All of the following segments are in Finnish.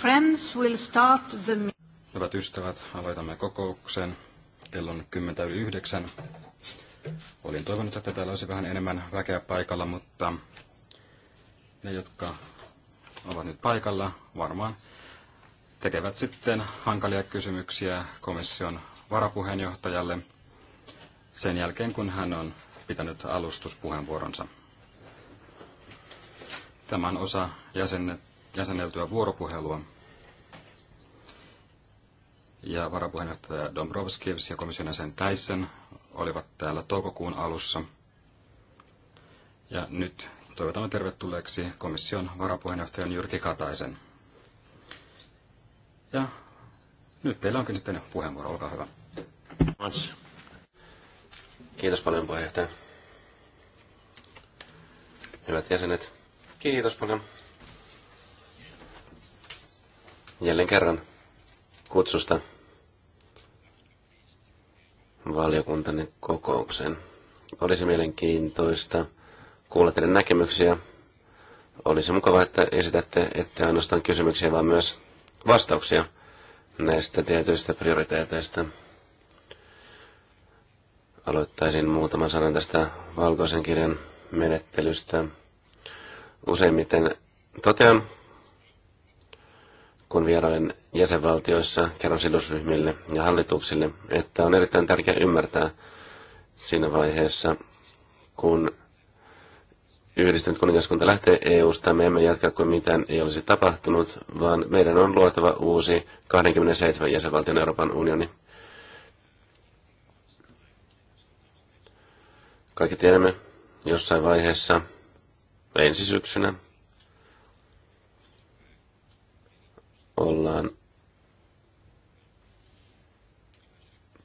Friends will start the... Hyvät ystävät, aloitamme kokouksen. Kello on 10.09. Olin toivonut, että täällä olisi vähän enemmän väkeä paikalla, mutta ne, jotka ovat nyt paikalla, varmaan tekevät sitten hankalia kysymyksiä komission varapuheenjohtajalle sen jälkeen, kun hän on pitänyt alustuspuheenvuoronsa. Tämän osa jäsenet jäseneltyä vuoropuhelua. Ja varapuheenjohtaja Dombrovskis ja komission jäsen Täisen olivat täällä toukokuun alussa. Ja nyt toivotamme tervetulleeksi komission varapuheenjohtajan Jyrki Kataisen. Ja nyt teillä onkin sitten puheenvuoro, olkaa hyvä. Kiitos paljon puheenjohtaja. Hyvät jäsenet, kiitos paljon jälleen kerran kutsusta valiokuntanne kokoukseen. Olisi mielenkiintoista kuulla teidän näkemyksiä. Olisi mukavaa, että esitätte, että ainoastaan kysymyksiä, vaan myös vastauksia näistä tietyistä prioriteeteista. Aloittaisin muutaman sanan tästä valkoisen kirjan menettelystä. Useimmiten totean, kun vierailen jäsenvaltioissa, kerron sidosryhmille ja hallituksille, että on erittäin tärkeää ymmärtää siinä vaiheessa, kun yhdistynyt kuningaskunta lähtee EU-sta, me emme jatka kuin mitään ei olisi tapahtunut, vaan meidän on luotava uusi 27 jäsenvaltion Euroopan unioni. Kaikki tiedämme jossain vaiheessa ensi syksynä ollaan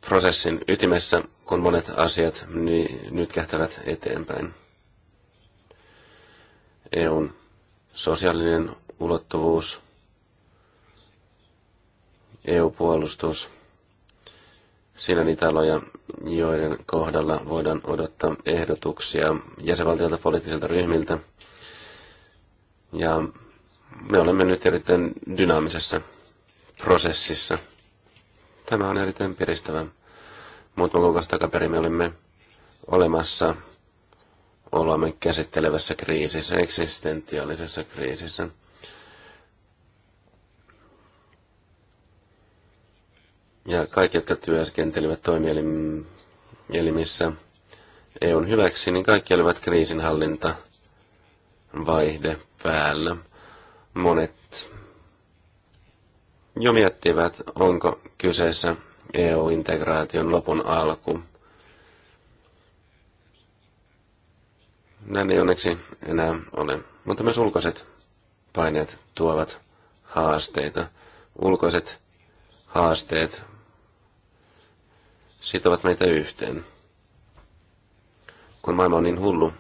prosessin ytimessä, kun monet asiat niin nyt kähtävät eteenpäin. EUn sosiaalinen ulottuvuus, EU-puolustus, siinä niitä aloja, joiden kohdalla voidaan odottaa ehdotuksia jäsenvaltiolta poliittisilta ryhmiltä. Ja me olemme nyt erittäin dynaamisessa prosessissa. Tämä on erittäin piristävä. Muutama kuukausi takaperin me olimme olemassa olemme käsittelevässä kriisissä, eksistentiaalisessa kriisissä. Ja kaikki, jotka työskentelivät toimielimissä EUn hyväksi, niin kaikki olivat kriisinhallinta vaihde päällä monet jo miettivät, onko kyseessä EU-integraation lopun alku. Näin ei onneksi enää ole. Mutta myös ulkoiset paineet tuovat haasteita. Ulkoiset haasteet sitovat meitä yhteen. Kun maailma on niin hullu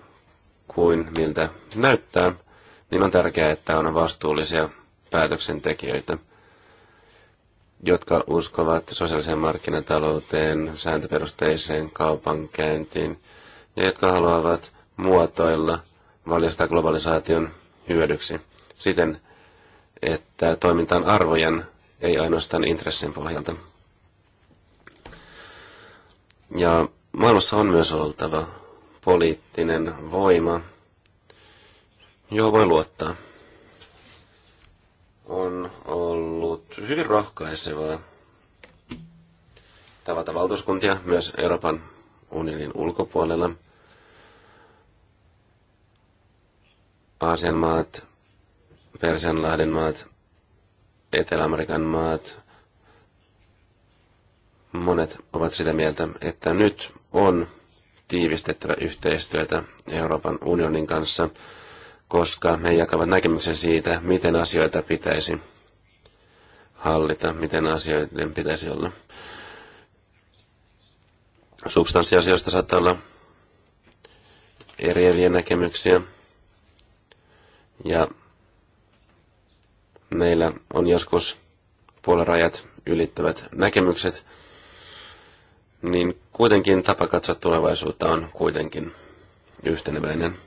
kuin miltä näyttää, niin on tärkeää, että on vastuullisia päätöksentekijöitä, jotka uskovat sosiaaliseen markkinatalouteen, sääntöperusteiseen kaupankäyntiin ja jotka haluavat muotoilla valjastaa globalisaation hyödyksi siten, että toimintaan arvojen, ei ainoastaan intressin pohjalta. Ja maailmassa on myös oltava poliittinen voima, Joo, voi luottaa. On ollut hyvin rohkaisevaa tavata valtuuskuntia myös Euroopan unionin ulkopuolella. Aasian maat, Persianlahden maat, Etelä-Amerikan maat, monet ovat sitä mieltä, että nyt on tiivistettävä yhteistyötä Euroopan unionin kanssa koska he jakavat näkemyksen siitä, miten asioita pitäisi hallita, miten asioiden pitäisi olla. Substanssiasioista saattaa olla eriäviä näkemyksiä. Ja meillä on joskus puolarajat ylittävät näkemykset, niin kuitenkin tapa katsoa tulevaisuutta on kuitenkin yhteneväinen.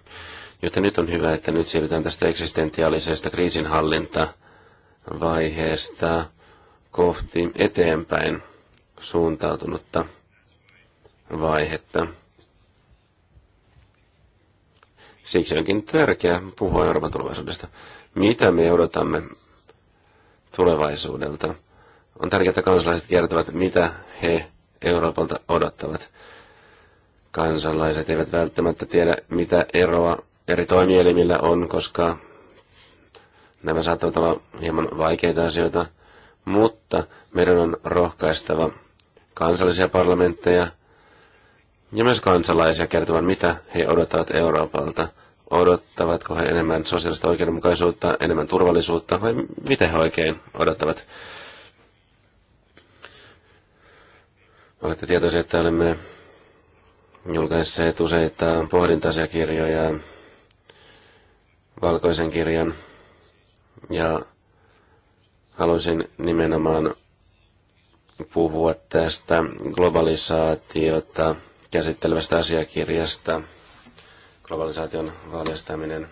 Joten nyt on hyvä, että nyt siirrytään tästä eksistentiaalisesta kriisinhallintavaiheesta kohti eteenpäin suuntautunutta vaihetta. Siksi onkin tärkeää puhua Euroopan tulevaisuudesta. Mitä me odotamme tulevaisuudelta? On tärkeää, että kansalaiset kertovat, mitä he Euroopalta odottavat. Kansalaiset eivät välttämättä tiedä, mitä eroa eri toimielimillä on, koska nämä saattavat olla hieman vaikeita asioita, mutta meidän on rohkaistava kansallisia parlamentteja ja myös kansalaisia kertomaan, mitä he odottavat Euroopalta. Odottavatko he enemmän sosiaalista oikeudenmukaisuutta, enemmän turvallisuutta vai mitä he oikein odottavat? Olette tietoisia, että olemme julkaisseet useita pohdintasiakirjoja valkoisen kirjan ja halusin nimenomaan puhua tästä globalisaatiota käsittelevästä asiakirjasta. Globalisaation valjastaminen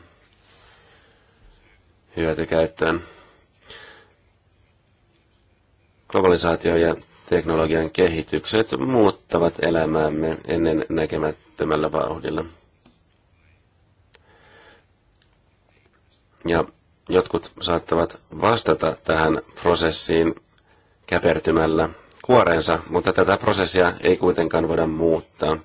hyötykäyttöön. Globalisaatio ja teknologian kehitykset muuttavat elämäämme ennen näkemättömällä vauhdilla. Ja jotkut saattavat vastata tähän prosessiin käpertymällä kuoreensa, mutta tätä prosessia ei kuitenkaan voida muuttaa.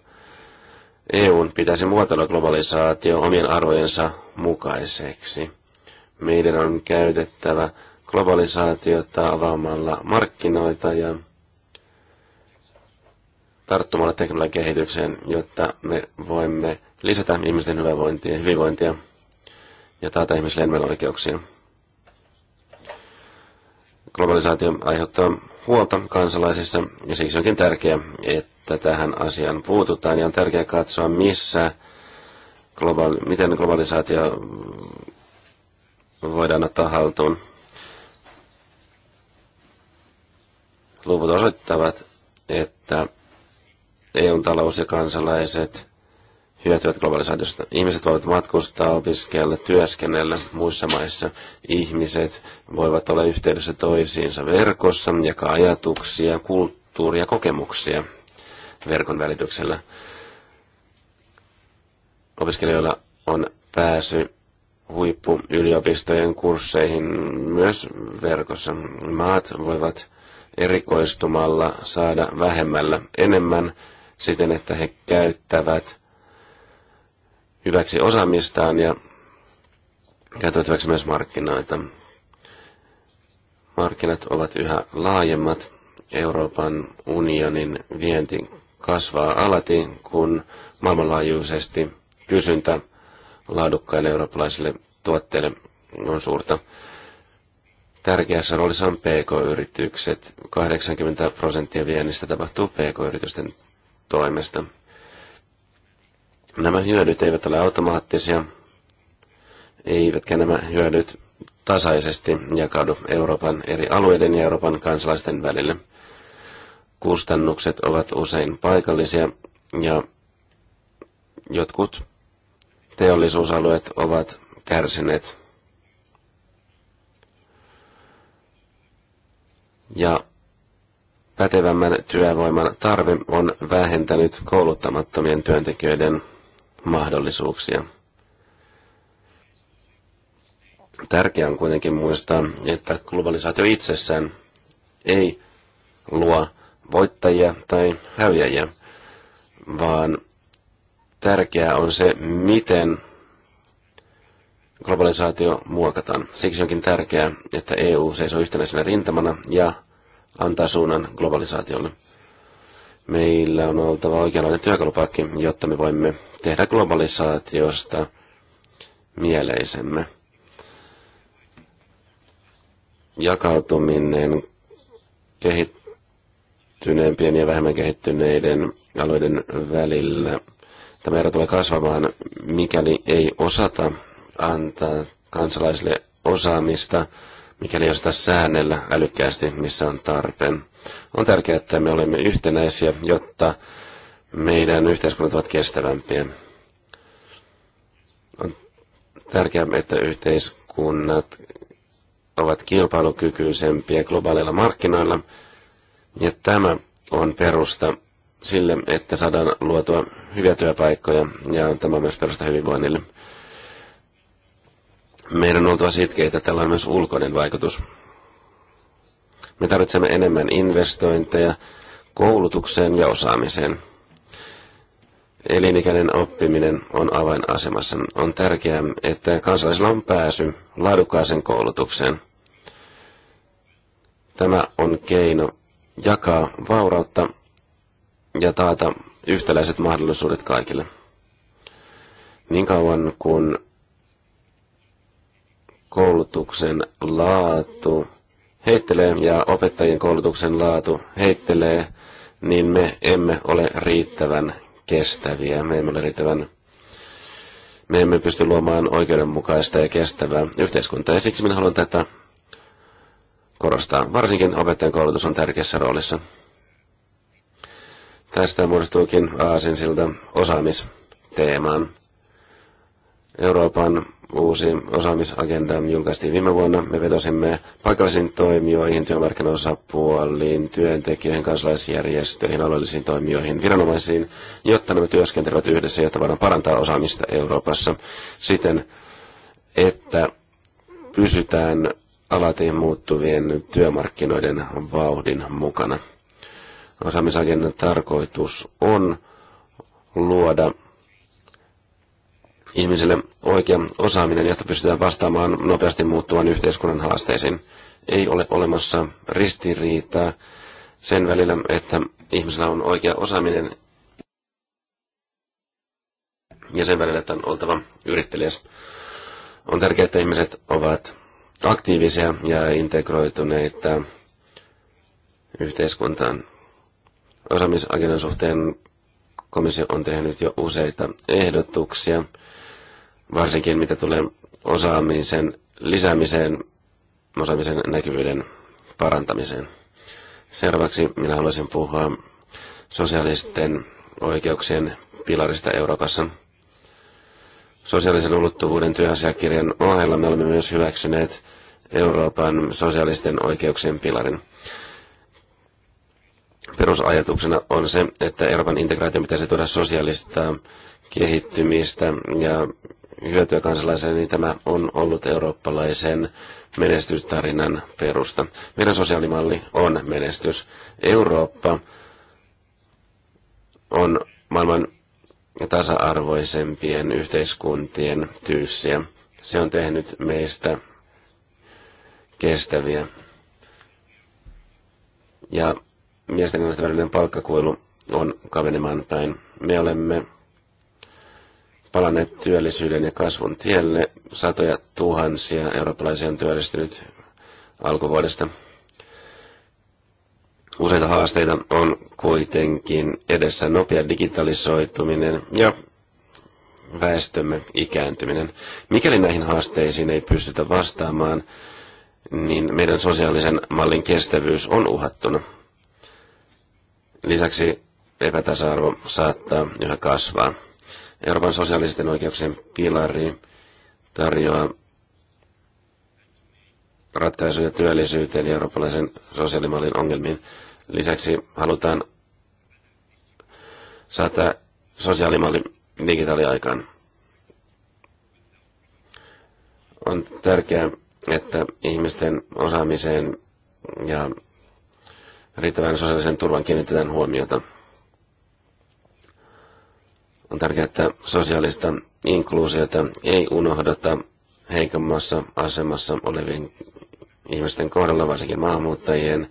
EUn pitäisi muotoilla globalisaatio omien arvojensa mukaiseksi. Meidän on käytettävä globalisaatiota avaamalla markkinoita ja tarttumalla teknologian kehitykseen, jotta me voimme lisätä ihmisten hyvinvointia. hyvinvointia ja taata ihmisille enemmän oikeuksia. Globalisaatio aiheuttaa huolta kansalaisissa ja siksi onkin tärkeää, että tähän asiaan puututaan ja on tärkeää katsoa, missä globaali, miten globalisaatio voidaan ottaa haltuun. Luvut osoittavat, että EUn talous ja kansalaiset hyötyvät globalisaatiosta. Ihmiset voivat matkustaa, opiskella, työskennellä muissa maissa. Ihmiset voivat olla yhteydessä toisiinsa verkossa, jakaa ajatuksia, kulttuuria, kokemuksia verkon välityksellä. Opiskelijoilla on pääsy yliopistojen kursseihin myös verkossa. Maat voivat erikoistumalla saada vähemmällä enemmän siten, että he käyttävät hyväksi osaamistaan ja käyttävät hyväksi myös markkinoita. Markkinat ovat yhä laajemmat. Euroopan unionin vienti kasvaa alati, kun maailmanlaajuisesti kysyntä laadukkaille eurooppalaisille tuotteille on suurta. Tärkeässä roolissa on PK-yritykset. 80 prosenttia viennistä tapahtuu PK-yritysten toimesta. Nämä hyödyt eivät ole automaattisia, eivätkä nämä hyödyt tasaisesti jakaudu Euroopan eri alueiden ja Euroopan kansalaisten välille. Kustannukset ovat usein paikallisia ja jotkut teollisuusalueet ovat kärsineet. Ja pätevämmän työvoiman tarve on vähentänyt kouluttamattomien työntekijöiden mahdollisuuksia. Tärkeää on kuitenkin muistaa, että globalisaatio itsessään ei luo voittajia tai häviäjiä, vaan tärkeää on se, miten globalisaatio muokataan. Siksi onkin tärkeää, että EU seisoo yhtenäisenä rintamana ja antaa suunnan globalisaatiolle. Meillä on oltava oikeanlainen työkalupakki, jotta me voimme tehdä globalisaatiosta mieleisemme. Jakautuminen kehittyneempien ja vähemmän kehittyneiden alueiden välillä. Tämä ero tulee kasvamaan, mikäli ei osata antaa kansalaisille osaamista, mikäli ei osata säännellä älykkäästi, missä on tarpeen. On tärkeää, että me olemme yhtenäisiä, jotta meidän yhteiskunnat ovat kestävämpiä. On tärkeää, että yhteiskunnat ovat kilpailukykyisempiä globaaleilla markkinoilla, ja tämä on perusta sille, että saadaan luotua hyviä työpaikkoja, ja tämä on myös perusta hyvinvoinnille. Meidän on oltava sitkeitä, tällä on myös ulkoinen vaikutus. Me tarvitsemme enemmän investointeja koulutukseen ja osaamiseen. Elinikäinen oppiminen on avainasemassa. On tärkeää, että kansalaisilla on pääsy laadukkaaseen koulutukseen. Tämä on keino jakaa vaurautta ja taata yhtäläiset mahdollisuudet kaikille. Niin kauan kuin koulutuksen laatu heittelee ja opettajien koulutuksen laatu heittelee, niin me emme ole riittävän kestäviä, me emme ole riittävän me emme pysty luomaan oikeudenmukaista ja kestävää yhteiskuntaa. Ja siksi minä haluan tätä korostaa. Varsinkin opettajan koulutus on tärkeässä roolissa. Tästä muodostuukin Aasinsilta siltä osaamisteemaan. Euroopan uusi osaamisagenda julkaistiin viime vuonna. Me vetosimme paikallisiin toimijoihin, työmarkkinaosapuoliin, työntekijöihin, kansalaisjärjestöihin, alueellisiin toimijoihin, viranomaisiin, jotta nämä työskentelevät yhdessä, jotta voidaan parantaa osaamista Euroopassa siten, että pysytään alati muuttuvien työmarkkinoiden vauhdin mukana. Osaamisagendan tarkoitus on luoda ihmisille oikea osaaminen, jotta pystytään vastaamaan nopeasti muuttuvan yhteiskunnan haasteisiin. Ei ole olemassa ristiriitaa sen välillä, että ihmisellä on oikea osaaminen ja sen välillä, että on oltava yrittelijäs. On tärkeää, että ihmiset ovat aktiivisia ja integroituneita yhteiskuntaan. Osaamisagendan suhteen komissio on tehnyt jo useita ehdotuksia varsinkin mitä tulee osaamisen lisäämiseen, osaamisen näkyvyyden parantamiseen. Seuraavaksi minä haluaisin puhua sosiaalisten oikeuksien pilarista Euroopassa. Sosiaalisen ulottuvuuden työasiakirjan ohella me olemme myös hyväksyneet Euroopan sosiaalisten oikeuksien pilarin. Perusajatuksena on se, että Euroopan integraatio pitäisi tuoda sosiaalista kehittymistä ja hyötyä kansalaiselle, niin tämä on ollut eurooppalaisen menestystarinan perusta. Meidän sosiaalimalli on menestys. Eurooppa on maailman tasa-arvoisempien yhteiskuntien tyyssiä. Se on tehnyt meistä kestäviä. Ja miesten ja välinen palkkakuilu on kavenemaan päin. Me olemme palanneet työllisyyden ja kasvun tielle. Satoja tuhansia eurooppalaisia on työllistynyt alkuvuodesta. Useita haasteita on kuitenkin edessä nopea digitalisoituminen ja väestömme ikääntyminen. Mikäli näihin haasteisiin ei pystytä vastaamaan, niin meidän sosiaalisen mallin kestävyys on uhattuna. Lisäksi epätasa-arvo saattaa yhä kasvaa. Euroopan sosiaalisten oikeuksien pilari tarjoaa ratkaisuja työllisyyteen ja eurooppalaisen sosiaalimallin ongelmiin. Lisäksi halutaan saada sosiaalimalli digitaaliaikaan. On tärkeää, että ihmisten osaamiseen ja riittävän sosiaalisen turvan kiinnitetään huomiota. On tärkeää, että sosiaalista inkluusiota ei unohdeta heikommassa asemassa olevien ihmisten kohdalla, varsinkin maahanmuuttajien.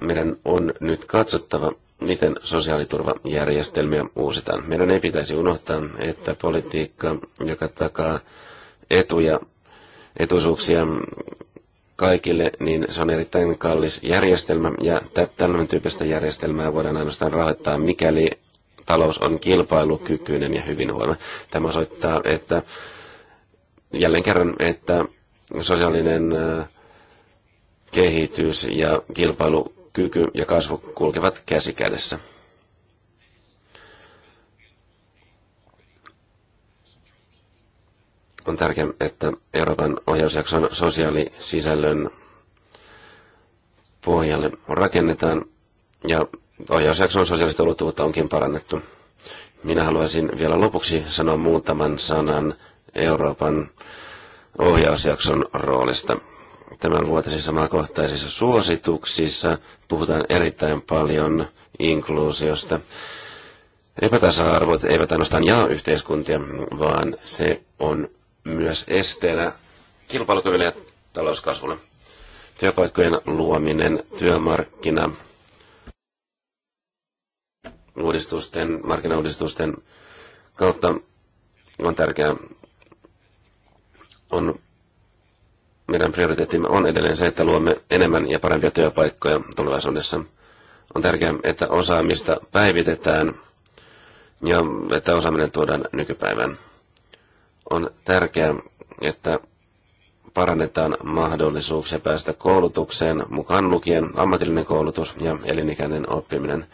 Meidän on nyt katsottava, miten sosiaaliturvajärjestelmiä uusitaan. Meidän ei pitäisi unohtaa, että politiikka, joka takaa etuja, etuisuuksia kaikille, niin se on erittäin kallis järjestelmä, ja tämän tyyppistä järjestelmää voidaan ainoastaan rahoittaa, mikäli talous on kilpailukykyinen ja hyvinvoiva. Tämä osoittaa, että jälleen kerran, että sosiaalinen kehitys ja kilpailukyky ja kasvu kulkevat käsi kädessä. on tärkeää, että Euroopan ohjausjakson sosiaalisisällön pohjalle rakennetaan ja ohjausjakson sosiaalista ulottuvuutta onkin parannettu. Minä haluaisin vielä lopuksi sanoa muutaman sanan Euroopan ohjausjakson roolista. Tämän vuotisissa maakohtaisissa suosituksissa puhutaan erittäin paljon inkluusiosta. Epätasa-arvot eivät ainoastaan jaa yhteiskuntia, vaan se on myös esteenä kilpailukyvylle ja talouskasvulle. Työpaikkojen luominen, työmarkkina, uudistusten, markkinauudistusten kautta on tärkeää. On, meidän prioriteettimme on edelleen se, että luomme enemmän ja parempia työpaikkoja tulevaisuudessa. On tärkeää, että osaamista päivitetään ja että osaaminen tuodaan nykypäivään. On tärkeää, että parannetaan mahdollisuuksia päästä koulutukseen, mukaan lukien ammatillinen koulutus ja elinikäinen oppiminen.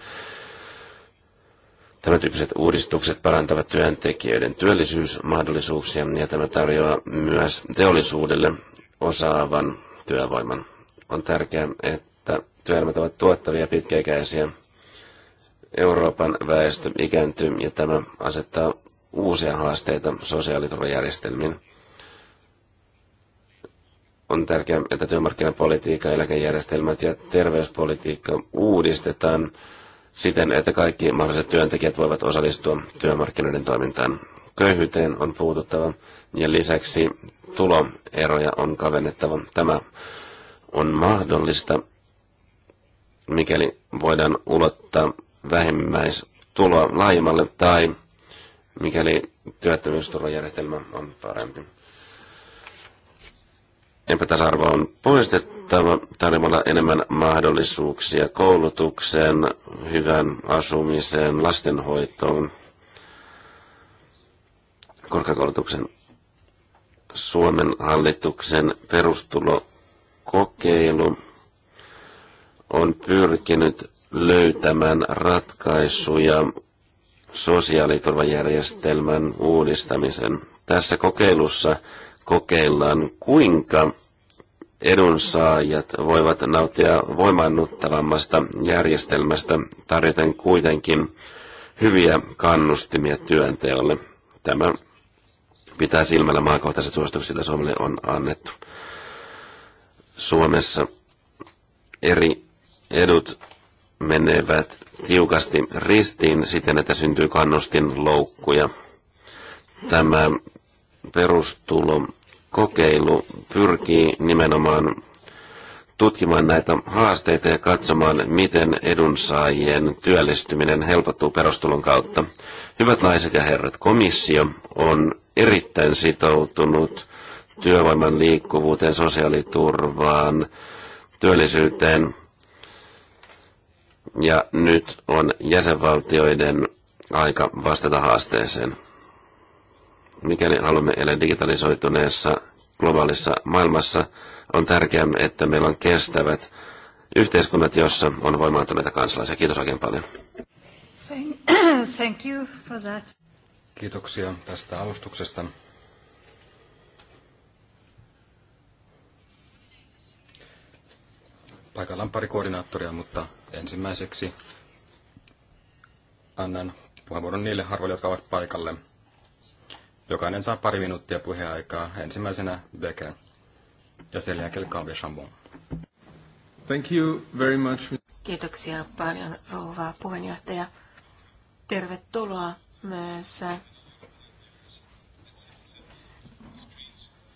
Tämän tyyppiset uudistukset parantavat työntekijöiden työllisyysmahdollisuuksia ja tämä tarjoaa myös teollisuudelle osaavan työvoiman. On tärkeää, että työelämät ovat tuottavia pitkäikäisiä. Euroopan väestö ikääntyy ja tämä asettaa uusia haasteita sosiaaliturvajärjestelmiin. On tärkeää, että työmarkkinapolitiikka, eläkejärjestelmät ja terveyspolitiikka uudistetaan siten, että kaikki mahdolliset työntekijät voivat osallistua työmarkkinoiden toimintaan. Köyhyyteen on puututtava ja lisäksi tuloeroja on kavennettava. Tämä on mahdollista, mikäli voidaan ulottaa vähimmäistuloa laajemmalle tai mikäli työttömyysturvajärjestelmä on parempi. Epätasarvo on poistettava tarjoamalla enemmän mahdollisuuksia koulutukseen, hyvän asumiseen, lastenhoitoon, korkeakoulutuksen Suomen hallituksen perustulokokeilu on pyrkinyt löytämään ratkaisuja sosiaaliturvajärjestelmän uudistamisen. Tässä kokeilussa kokeillaan, kuinka edunsaajat voivat nauttia voimannuttavammasta järjestelmästä tarjoten kuitenkin hyviä kannustimia työnteolle. Tämä pitää silmällä maakohtaiset suositukset, joita Suomelle on annettu. Suomessa eri edut menevät tiukasti ristiin siten, että syntyy loukkuja. Tämä perustulokokeilu pyrkii nimenomaan tutkimaan näitä haasteita ja katsomaan, miten edunsaajien työllistyminen helpottuu perustulon kautta. Hyvät naiset ja herrat, komissio on erittäin sitoutunut työvoiman liikkuvuuteen, sosiaaliturvaan, työllisyyteen, ja nyt on jäsenvaltioiden aika vastata haasteeseen. Mikäli haluamme elää digitalisoituneessa globaalissa maailmassa, on tärkeää, että meillä on kestävät yhteiskunnat, jossa on voimaantuneita kansalaisia. Kiitos oikein paljon. Thank you for that. Kiitoksia tästä alustuksesta. Paikalla on pari koordinaattoria, mutta ensimmäiseksi annan puheenvuoron niille harvoille, jotka ovat paikalle. Jokainen saa pari minuuttia puheaikaa. Ensimmäisenä Beke ja sen jälkeen Kalvi Chambon. Thank you very much. Kiitoksia paljon, rouva puheenjohtaja. Tervetuloa myös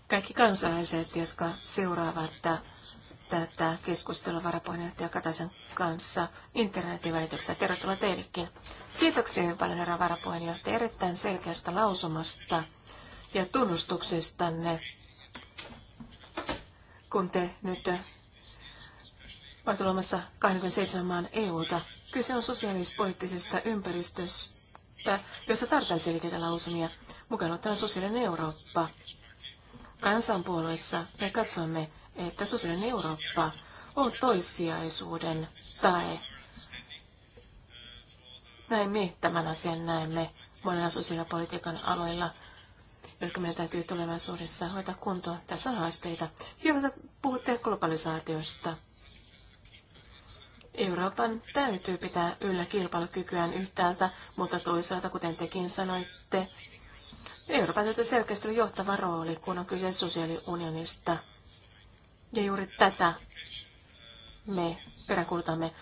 kaikki kansalaiset, jotka seuraavat tätä keskustelua varapuheenjohtaja Kataisen kanssa internetin välityksessä. Tervetuloa teillekin. Kiitoksia hyvin paljon herra varapuheenjohtaja erittäin selkeästä lausumasta ja tunnustuksestanne, kun te nyt olette luomassa 27 maan EUta. Kyse on sosiaalispoliittisesta ympäristöstä, jossa tarvitaan selkeitä lausumia, mukaan ottaen sosiaalinen Eurooppa. Kansanpuolueessa me katsomme, että sosiaalinen Eurooppa on toissijaisuuden tae. Näin me tämän asian näemme monilla sosiaalipolitiikan aloilla, jotka meidän täytyy tulevaisuudessa hoitaa kuntoon. Tässä on haasteita. Hyvä, puhutte globalisaatiosta. Euroopan täytyy pitää yllä kilpailukykyään yhtäältä, mutta toisaalta, kuten tekin sanoitte, Euroopan täytyy selkeästi olla johtava rooli, kun on kyse sosiaaliunionista. Ja juuri tätä me peräkulutamme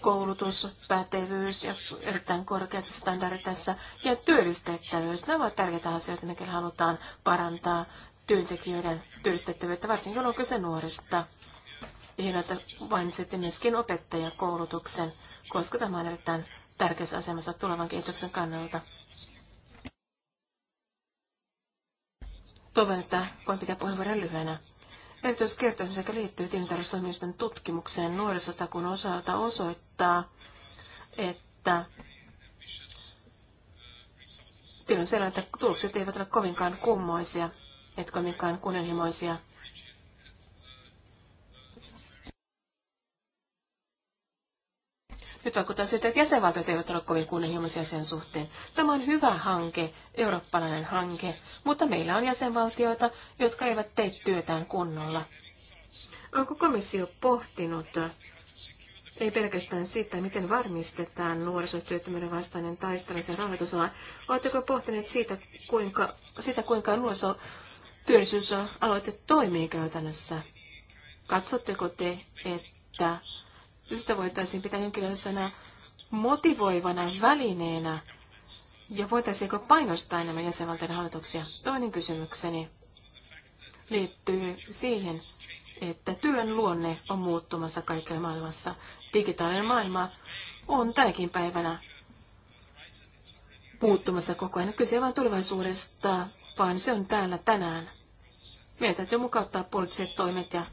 koulutus, pätevyys ja erittäin korkeat standardit tässä ja työllistettävyys. Nämä ovat tärkeitä asioita, mikä halutaan parantaa työntekijöiden työllistettävyyttä, varsinkin kun on kyse nuorista. Ja hienoa, että mainitsitte myöskin opettajakoulutuksen, koska tämä on erittäin tärkeässä asemassa tulevan kehityksen kannalta. Toivon, että voin pitää puheenvuoron lyhyenä. Erityiskertomus, joka liittyy tilintarkastustoimiston tutkimukseen nuorisotakun osalta, osoittaa, että tiedon selvä, että tulokset eivät ole kovinkaan kummoisia, et kovinkaan kunnianhimoisia. Nyt vaikuttaa siltä, että jäsenvaltiot eivät ole kovin kunnianhimoisia sen suhteen. Tämä on hyvä hanke, eurooppalainen hanke, mutta meillä on jäsenvaltioita, jotka eivät tee työtään kunnolla. Onko komissio pohtinut ei pelkästään sitä, miten varmistetaan nuorisotyöttömyyden vastainen taistelu sen rahoitus, vaan oletteko pohtineet siitä, kuinka, sitä, kuinka nuorisotyöllisyysaloite toimii käytännössä? Katsotteko te, että sitä voitaisiin pitää jonkinlaisena motivoivana välineenä ja voitaisiinko painostaa enemmän jäsenvaltioiden hallituksia? Toinen kysymykseni liittyy siihen, että työn luonne on muuttumassa kaikkialla maailmassa. Digitaalinen maailma on tänäkin päivänä muuttumassa koko ajan. Kyse vain tulevaisuudesta, vaan se on täällä tänään. Meidän täytyy mukauttaa poliittiset toimet ja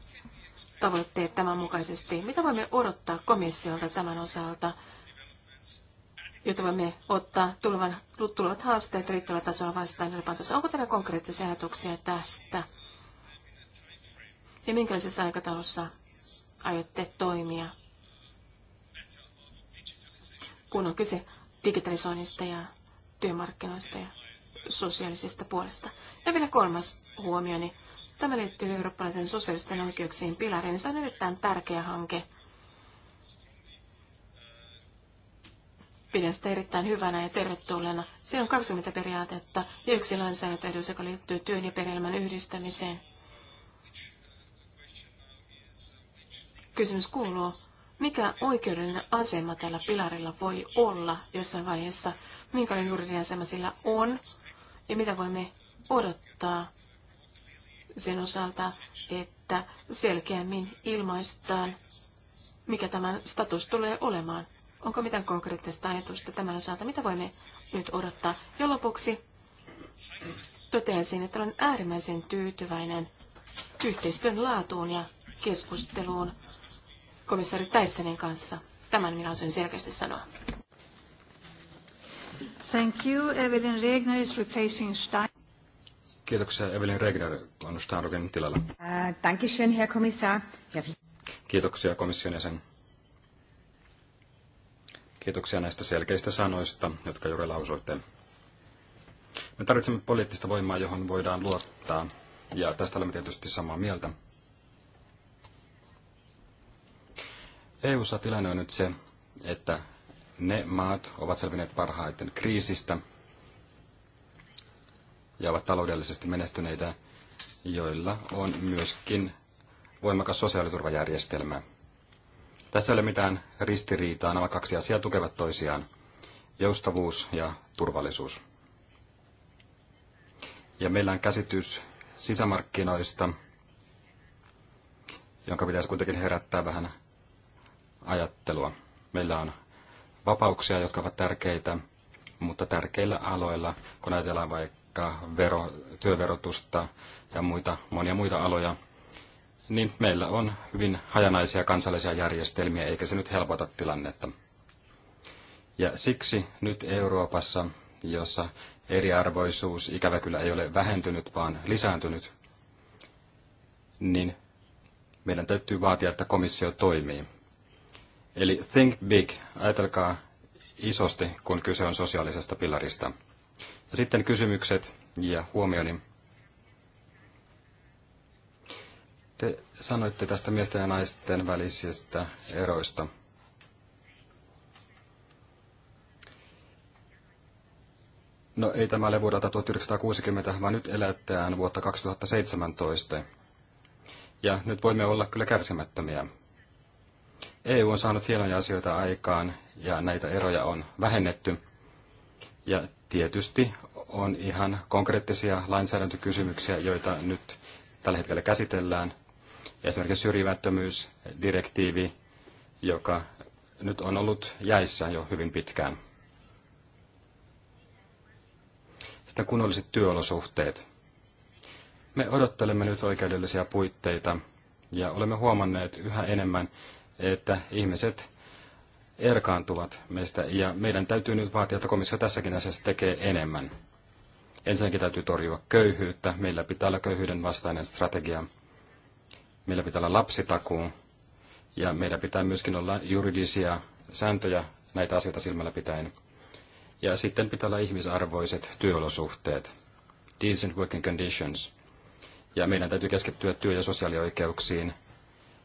tavoitteet tämän mukaisesti. Mitä voimme odottaa komissiolta tämän osalta, jotta voimme ottaa tulevan, tulevat haasteet riittävällä tasolla vastaan Euroopan tasolla? Onko teillä konkreettisia ajatuksia tästä? Ja minkälaisessa aikataulussa aiotte toimia, kun on kyse digitalisoinnista ja työmarkkinoista ja sosiaalisesta puolesta? Ja vielä kolmas huomioni. Tämä liittyy eurooppalaisen sosiaalisten oikeuksien pilariin. Se on erittäin tärkeä hanke. Pidän sitä erittäin hyvänä ja tervetulleena. Siinä on 20 periaatetta ja yksi lainsäädäntöehdotus, joka liittyy työn ja perjelmän yhdistämiseen. Kysymys kuuluu, mikä oikeudellinen asema tällä pilarilla voi olla jossain vaiheessa, minkälainen juridinen asema sillä on ja mitä voimme odottaa sen osalta, että selkeämmin ilmaistaan, mikä tämän status tulee olemaan. Onko mitään konkreettista ajatusta tämän osalta? Mitä voimme nyt odottaa? Ja lopuksi toteaisin, että olen äärimmäisen tyytyväinen yhteistyön laatuun ja keskusteluun komissaari Täissänen kanssa. Tämän minä osyn selkeästi sanoa. Thank you. Evelyn Regner is replacing Stein. Kiitoksia Evelyn Regner on Stahrugen tilalla. Äh, dankeschön, Herr Kommissar. Kiitoksia komission jäsen. Kiitoksia näistä selkeistä sanoista, jotka juuri lausuitte. Me tarvitsemme poliittista voimaa, johon voidaan luottaa, ja tästä olemme tietysti samaa mieltä. EU-ssa tilanne on nyt se, että ne maat ovat selvinneet parhaiten kriisistä – ja ovat taloudellisesti menestyneitä, joilla on myöskin voimakas sosiaaliturvajärjestelmä. Tässä ei ole mitään ristiriitaa, nämä kaksi asiaa tukevat toisiaan, joustavuus ja turvallisuus. Ja meillä on käsitys sisämarkkinoista, jonka pitäisi kuitenkin herättää vähän ajattelua. Meillä on vapauksia, jotka ovat tärkeitä, mutta tärkeillä aloilla, kun ajatellaan vaikka vaikka vero, työverotusta ja muita, monia muita aloja, niin meillä on hyvin hajanaisia kansallisia järjestelmiä, eikä se nyt helpota tilannetta. Ja siksi nyt Euroopassa, jossa eriarvoisuus ikävä kyllä ei ole vähentynyt, vaan lisääntynyt, niin meidän täytyy vaatia, että komissio toimii. Eli think big, ajatelkaa isosti, kun kyse on sosiaalisesta pilarista – ja sitten kysymykset ja huomioni. Te sanoitte tästä miesten ja naisten välisistä eroista. No ei tämä ole vuodelta 1960, vaan nyt elätään vuotta 2017. Ja nyt voimme olla kyllä kärsimättömiä. EU on saanut hienoja asioita aikaan ja näitä eroja on vähennetty. Ja Tietysti on ihan konkreettisia lainsäädäntökysymyksiä, joita nyt tällä hetkellä käsitellään. Esimerkiksi syrjimättömyysdirektiivi, joka nyt on ollut jäissä jo hyvin pitkään. Sitten kunnolliset työolosuhteet. Me odottelemme nyt oikeudellisia puitteita ja olemme huomanneet yhä enemmän, että ihmiset erkaantuvat meistä, ja meidän täytyy nyt vaatia, että komissio tässäkin asiassa tekee enemmän. Ensinnäkin täytyy torjua köyhyyttä. Meillä pitää olla köyhyyden vastainen strategia. Meillä pitää olla lapsitakuu. Ja meillä pitää myöskin olla juridisia sääntöjä näitä asioita silmällä pitäen. Ja sitten pitää olla ihmisarvoiset työolosuhteet, decent working conditions. Ja meidän täytyy keskittyä työ- ja sosiaalioikeuksiin.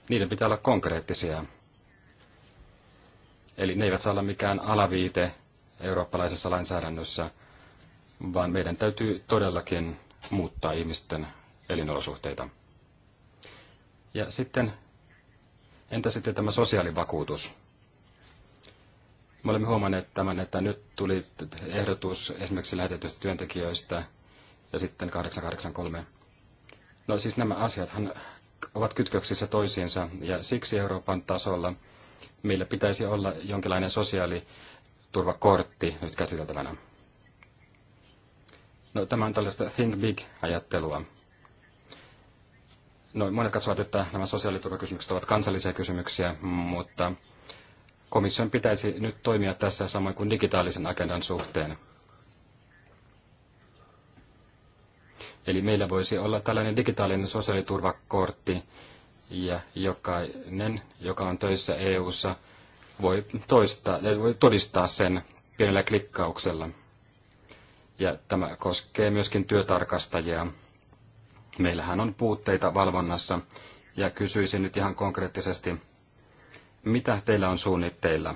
Niiden pitää olla konkreettisia. Eli ne eivät saa olla mikään alaviite eurooppalaisessa lainsäädännössä, vaan meidän täytyy todellakin muuttaa ihmisten elinolosuhteita. Ja sitten, entä sitten tämä sosiaalivakuutus? Me olemme huomanneet tämän, että nyt tuli ehdotus esimerkiksi lähetetyistä työntekijöistä ja sitten 883. No siis nämä asiat ovat kytköksissä toisiinsa ja siksi Euroopan tasolla – meillä pitäisi olla jonkinlainen sosiaaliturvakortti nyt käsiteltävänä. No, tämä on tällaista think big-ajattelua. No, monet katsovat, että nämä sosiaaliturvakysymykset ovat kansallisia kysymyksiä, mutta komission pitäisi nyt toimia tässä samoin kuin digitaalisen agendan suhteen. Eli meillä voisi olla tällainen digitaalinen sosiaaliturvakortti, ja jokainen, joka on töissä EU:ssa, voi, toistaa, voi todistaa sen pienellä klikkauksella. Ja tämä koskee myöskin työtarkastajia. Meillähän on puutteita valvonnassa, ja kysyisin nyt ihan konkreettisesti, mitä teillä on suunnitteilla?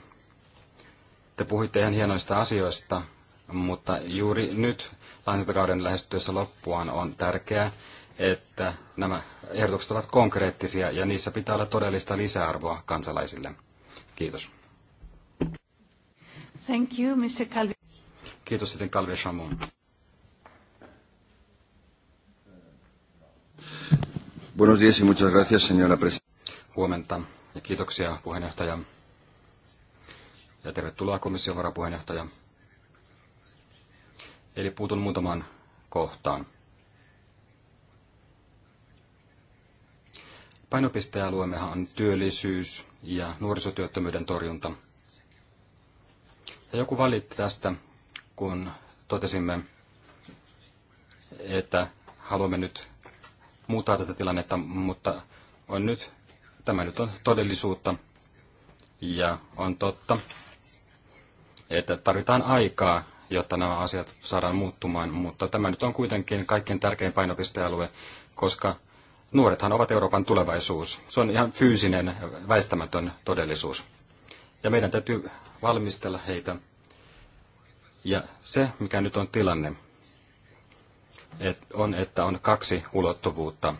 Te puhuitte ihan hienoista asioista, mutta juuri nyt lainsäädäntökauden lähestyessä loppuaan on tärkeää, että nämä ehdotukset ovat konkreettisia ja niissä pitää olla todellista lisäarvoa kansalaisille. Kiitos. Thank you, Mr. Calvi. Kiitos sitten Calvi Shamon. Buenos días y muchas gracias, señora presidenta. Huomenta ja kiitoksia puheenjohtaja. Ja tervetuloa komission varapuheenjohtaja. Eli puutun muutamaan kohtaan. Painopistealueemmehan on työllisyys ja nuorisotyöttömyyden torjunta. Ja joku valitti tästä, kun totesimme, että haluamme nyt muuttaa tätä tilannetta, mutta on nyt, tämä nyt on todellisuutta ja on totta, että tarvitaan aikaa, jotta nämä asiat saadaan muuttumaan, mutta tämä nyt on kuitenkin kaikkein tärkein painopistealue, koska Nuorethan ovat Euroopan tulevaisuus. Se on ihan fyysinen, väistämätön todellisuus. Ja meidän täytyy valmistella heitä. Ja se, mikä nyt on tilanne, et on, että on kaksi ulottuvuutta.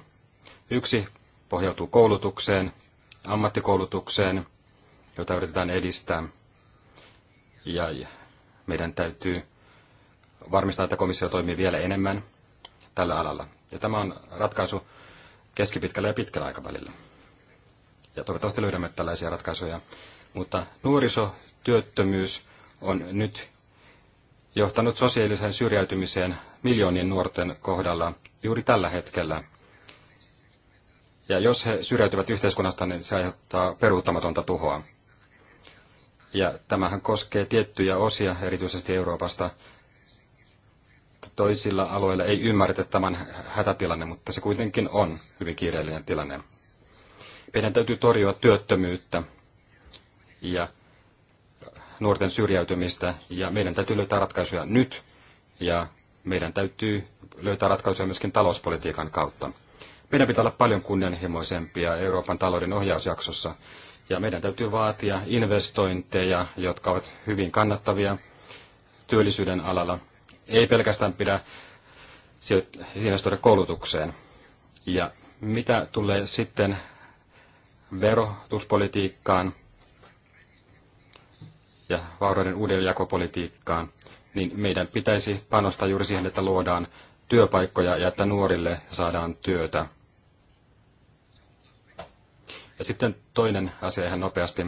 Yksi pohjautuu koulutukseen, ammattikoulutukseen, jota yritetään edistää. Ja meidän täytyy varmistaa, että komissio toimii vielä enemmän tällä alalla. Ja tämä on ratkaisu, keskipitkällä ja pitkällä aikavälillä. Ja toivottavasti löydämme tällaisia ratkaisuja. Mutta nuorisotyöttömyys on nyt johtanut sosiaaliseen syrjäytymiseen miljoonien nuorten kohdalla juuri tällä hetkellä. Ja jos he syrjäytyvät yhteiskunnasta, niin se aiheuttaa peruuttamatonta tuhoa. Ja tämähän koskee tiettyjä osia, erityisesti Euroopasta, toisilla alueilla ei ymmärretä tämän hätätilanne, mutta se kuitenkin on hyvin kiireellinen tilanne. Meidän täytyy torjua työttömyyttä ja nuorten syrjäytymistä, ja meidän täytyy löytää ratkaisuja nyt, ja meidän täytyy löytää ratkaisuja myöskin talouspolitiikan kautta. Meidän pitää olla paljon kunnianhimoisempia Euroopan talouden ohjausjaksossa, ja meidän täytyy vaatia investointeja, jotka ovat hyvin kannattavia työllisyyden alalla, ei pelkästään pidä investoida koulutukseen. Ja mitä tulee sitten verotuspolitiikkaan ja vaurauden uudelleenjakopolitiikkaan, niin meidän pitäisi panostaa juuri siihen, että luodaan työpaikkoja ja että nuorille saadaan työtä. Ja sitten toinen asia ihan nopeasti.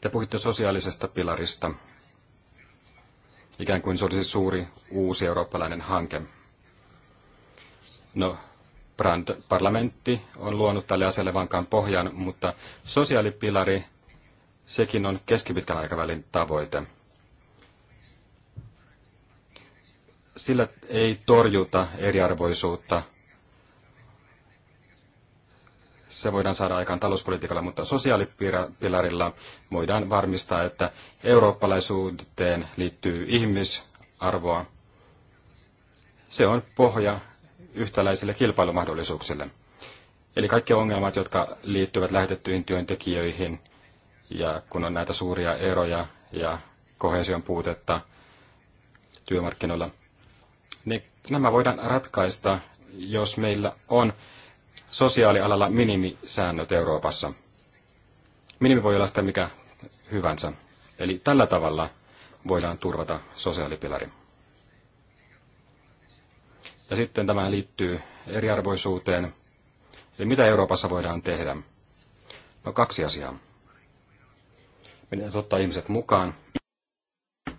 Te puhuitte sosiaalisesta pilarista ikään kuin se olisi suuri uusi eurooppalainen hanke. No, Brand parlamentti on luonut tälle asialle vankan pohjan, mutta sosiaalipilari, sekin on keskipitkän aikavälin tavoite. Sillä ei torjuta eriarvoisuutta, se voidaan saada aikaan talouspolitiikalla, mutta sosiaalipilarilla voidaan varmistaa, että eurooppalaisuuteen liittyy ihmisarvoa. Se on pohja yhtäläisille kilpailumahdollisuuksille. Eli kaikki ongelmat, jotka liittyvät lähetettyihin työntekijöihin, ja kun on näitä suuria eroja ja kohesion puutetta työmarkkinoilla, niin nämä voidaan ratkaista, jos meillä on sosiaalialalla minimisäännöt Euroopassa. Minimi voi olla sitä mikä hyvänsä. Eli tällä tavalla voidaan turvata sosiaalipilari. Ja sitten tämä liittyy eriarvoisuuteen. Eli mitä Euroopassa voidaan tehdä? No kaksi asiaa. Meidän täytyy ottaa ihmiset mukaan.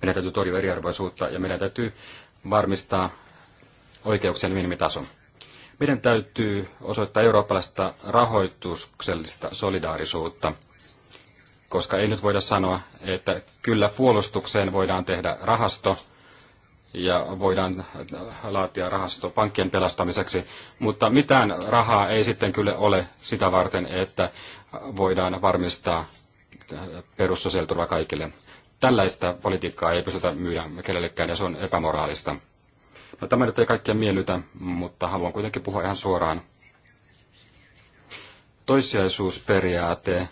Meidän täytyy torjua eriarvoisuutta ja meidän täytyy varmistaa oikeuksien minimitason. Meidän täytyy osoittaa eurooppalaista rahoituksellista solidaarisuutta, koska ei nyt voida sanoa, että kyllä puolustukseen voidaan tehdä rahasto ja voidaan laatia rahasto pankkien pelastamiseksi, mutta mitään rahaa ei sitten kyllä ole sitä varten, että voidaan varmistaa perussosiaaliturva kaikille. Tällaista politiikkaa ei pystytä myydä kenellekään ja se on epämoraalista. No tämä nyt ei kaikkia miellytä, mutta haluan kuitenkin puhua ihan suoraan. Toissijaisuusperiaate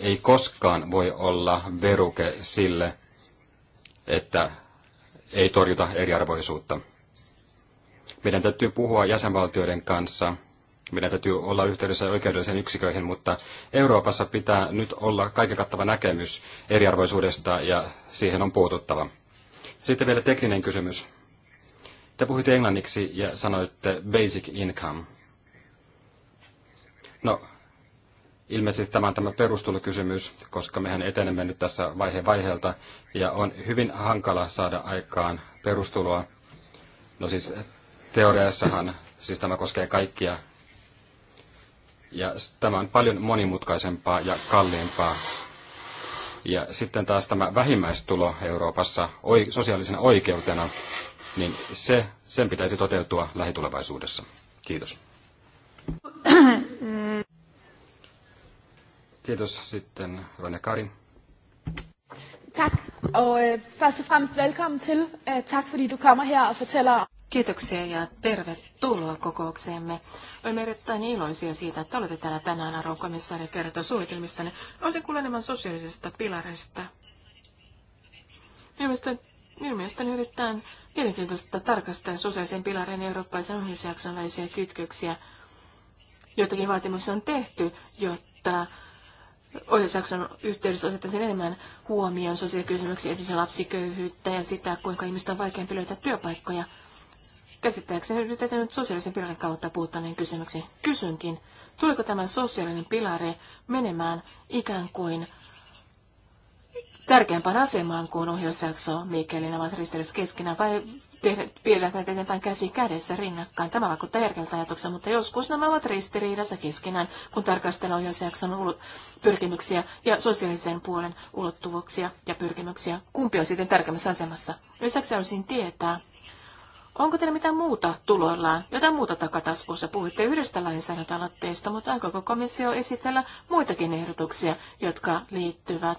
ei koskaan voi olla veruke sille, että ei torjuta eriarvoisuutta. Meidän täytyy puhua jäsenvaltioiden kanssa, meidän täytyy olla yhteydessä oikeudellisiin yksiköihin, mutta Euroopassa pitää nyt olla kaiken kattava näkemys eriarvoisuudesta ja siihen on puututtava. Sitten vielä tekninen kysymys. Te puhuitte englanniksi ja sanoitte basic income. No, ilmeisesti tämä on tämä perustulokysymys, koska mehän etenemme nyt tässä vaihe vaiheelta ja on hyvin hankala saada aikaan perustuloa. No siis teoriassahan, siis tämä koskee kaikkia. Ja tämä on paljon monimutkaisempaa ja kalliimpaa. Ja sitten taas tämä vähimmäistulo Euroopassa sosiaalisena oikeutena, niin se, sen pitäisi toteutua lähitulevaisuudessa. Kiitos. Kiitos sitten Ronja Kari. Tak, og øh, først og fremmest velkommen til. Øh, tak du kommer her og fortæller. Kiitoksia ja tervetuloa kokoukseemme. Olemme erittäin iloisia siitä, että olette täällä tänään arvon komissaari kertoo suunnitelmistanne. Olisin kuulla enemmän sosiaalisesta pilarista. Mielestäni Minun mielestäni erittäin mielenkiintoista tarkastaa sosiaalisen pilarin eurooppalaisen ohjausjakson välisiä kytköksiä. Joitakin vaatimuksia on tehty, jotta ohjausjakson yhteydessä otettaisiin enemmän huomioon kysymyksiä, esimerkiksi lapsiköyhyyttä ja sitä, kuinka ihmistä on vaikeampi löytää työpaikkoja. Käsittääkseni yritetään nyt sosiaalisen pilarin kautta puuttua kysymyksiin. Kysynkin, tuliko tämä sosiaalinen pilari menemään ikään kuin tärkeämpään asemaan kuin ohjausjakso, mikäli nämä ovat ristiriidassa keskenään, vai vielä tätä eteenpäin käsi kädessä rinnakkain. Tämä vaikuttaa järkeltä ajatuksen, mutta joskus nämä ovat ristiriidassa keskenään, kun tarkastellaan ohjausjakson pyrkimyksiä ja sosiaalisen puolen ulottuvuuksia ja pyrkimyksiä. Kumpi on sitten tärkeimmässä asemassa? Lisäksi haluaisin tietää, Onko teillä mitään muuta tuloillaan, jotain muuta takataskussa? Puhuitte yhdestä lainsäädäntöaloitteesta, mutta aikooko komissio esitellä muitakin ehdotuksia, jotka liittyvät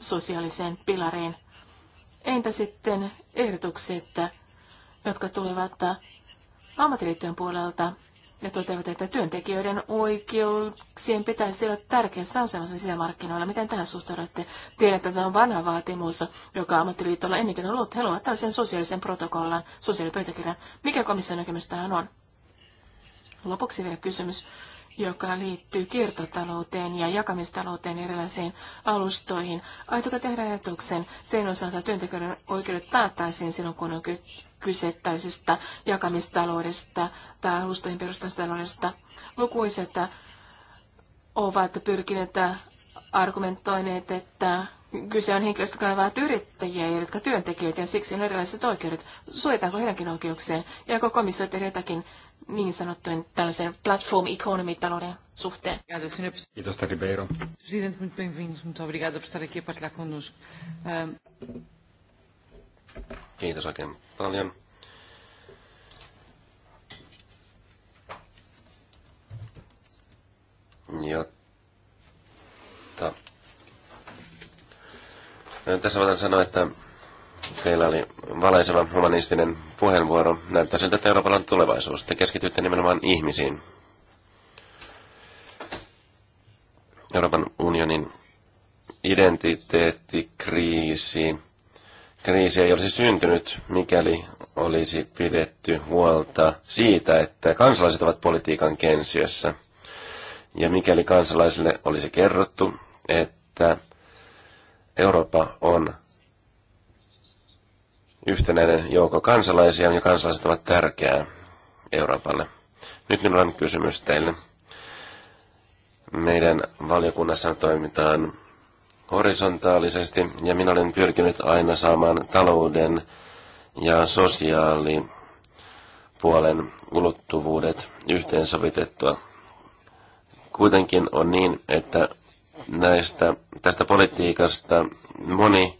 sosiaaliseen pilariin. Entä sitten ehdotukset, jotka tulevat ammattiliittojen puolelta ja toteavat, että työntekijöiden oikeuksien pitäisi olla tärkeässä asemassa sisämarkkinoilla. Miten tähän suhtaudutte? Tiedän, että tämä on vanha vaatimus, joka ammattiliitolla ennenkin on ollut. He luovat tällaisen sosiaalisen protokollan, sosiaalipöytäkirjan. Mikä komission näkemys tähän on? Lopuksi vielä kysymys joka liittyy kiertotalouteen ja jakamistalouteen erilaisiin alustoihin. Aitoko tehdä ajatuksen sen osalta työntekijöiden oikeudet taattaisiin silloin, kun on kyse tällaisesta jakamistaloudesta tai alustoihin perustuvasta taloudesta. Lukuiset ovat pyrkineet argumentoineet, että kyse on henkilöstö, jotka ovat yrittäjiä, jotka työntekijöitä, ja siksi on erilaiset oikeudet. Suojataanko heidänkin oikeukseen? Ja onko komissio tehdä jotakin niin sanottujen tällaisen platform economy talouden suhteen. Kiitos, Tari Beiro. Presidente, muito bem-vindo. Muito obrigada por estar aqui a partilhar connosco. Kiitos oikein paljon. Jotta. Tässä voidaan sanoa, että Teillä oli valaiseva humanistinen puheenvuoro. Näyttää siltä, että Euroopalla on tulevaisuus. Te keskitytte nimenomaan ihmisiin. Euroopan unionin identiteettikriisi. Kriisi ei olisi syntynyt, mikäli olisi pidetty huolta siitä, että kansalaiset ovat politiikan kensiössä. Ja mikäli kansalaisille olisi kerrottu, että Eurooppa on yhtenäinen joukko kansalaisia, ja kansalaiset ovat tärkeää Euroopalle. Nyt minulla on kysymys teille. Meidän valiokunnassa toimitaan horisontaalisesti, ja minä olen pyrkinyt aina saamaan talouden ja sosiaalipuolen ulottuvuudet yhteensovitettua. Kuitenkin on niin, että näistä, tästä politiikasta moni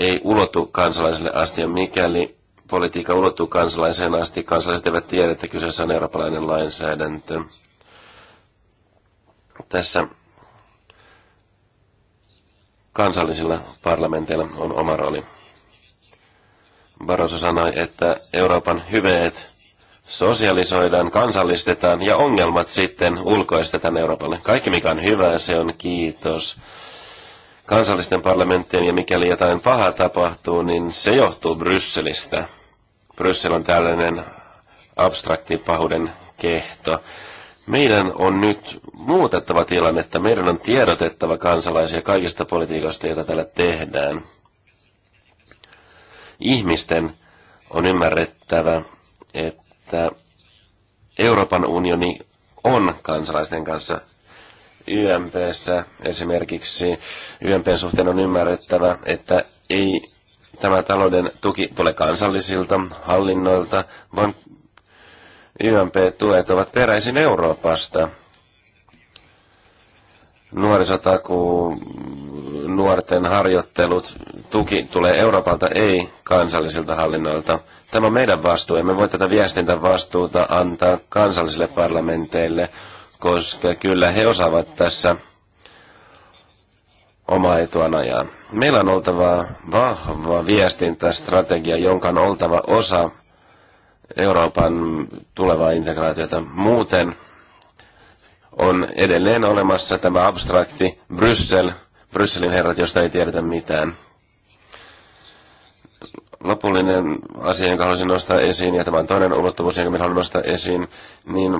ei ulotu kansalaiselle asti, ja mikäli politiikka ulottuu kansalaiseen asti, kansalaiset eivät tiedä, että kyseessä on eurooppalainen lainsäädäntö. Tässä kansallisilla parlamenteilla on oma rooli. Barroso sanoi, että Euroopan hyveet sosialisoidaan, kansallistetaan ja ongelmat sitten ulkoistetaan Euroopalle. Kaikki mikä on hyvää, se on kiitos kansallisten parlamenttien ja mikäli jotain pahaa tapahtuu, niin se johtuu Brysselistä. Bryssel on tällainen abstrakti pahuuden kehto. Meidän on nyt muutettava tilanne, että Meidän on tiedotettava kansalaisia kaikista politiikoista, joita täällä tehdään. Ihmisten on ymmärrettävä, että Euroopan unioni on kansalaisten kanssa YMPssä esimerkiksi YMPn suhteen on ymmärrettävä, että ei tämä talouden tuki tule kansallisilta hallinnoilta, vaan YMP-tuet ovat peräisin Euroopasta. Nuorisotakuu, nuorten harjoittelut, tuki tulee Euroopalta, ei kansallisilta hallinnoilta. Tämä on meidän vastuu, emme voi tätä viestintävastuuta antaa kansallisille parlamenteille koska kyllä he osaavat tässä omaa etuan ajaa. Meillä on oltava vahva viestintästrategia, jonka on oltava osa Euroopan tulevaa integraatiota. Muuten on edelleen olemassa tämä abstrakti Bryssel, Brysselin herrat, josta ei tiedetä mitään lopullinen asia, jonka haluaisin nostaa esiin, ja tämä on toinen ulottuvuus, jonka minä haluan nostaa esiin, niin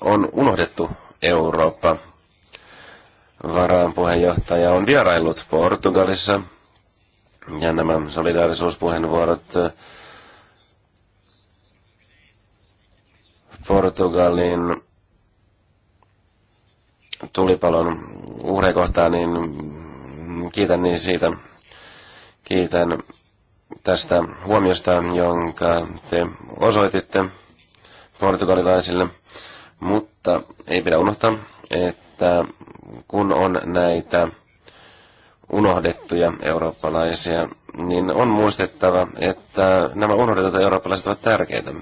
on unohdettu Eurooppa. varaan puheenjohtaja on vierailut Portugalissa, ja nämä solidaarisuuspuheenvuorot äh, Portugalin tulipalon uhrekohtaan, niin kiitän niin siitä. Kiitän tästä huomiosta, jonka te osoititte portugalilaisille, mutta ei pidä unohtaa, että kun on näitä unohdettuja eurooppalaisia, niin on muistettava, että nämä unohdetut eurooppalaiset ovat tärkeitä.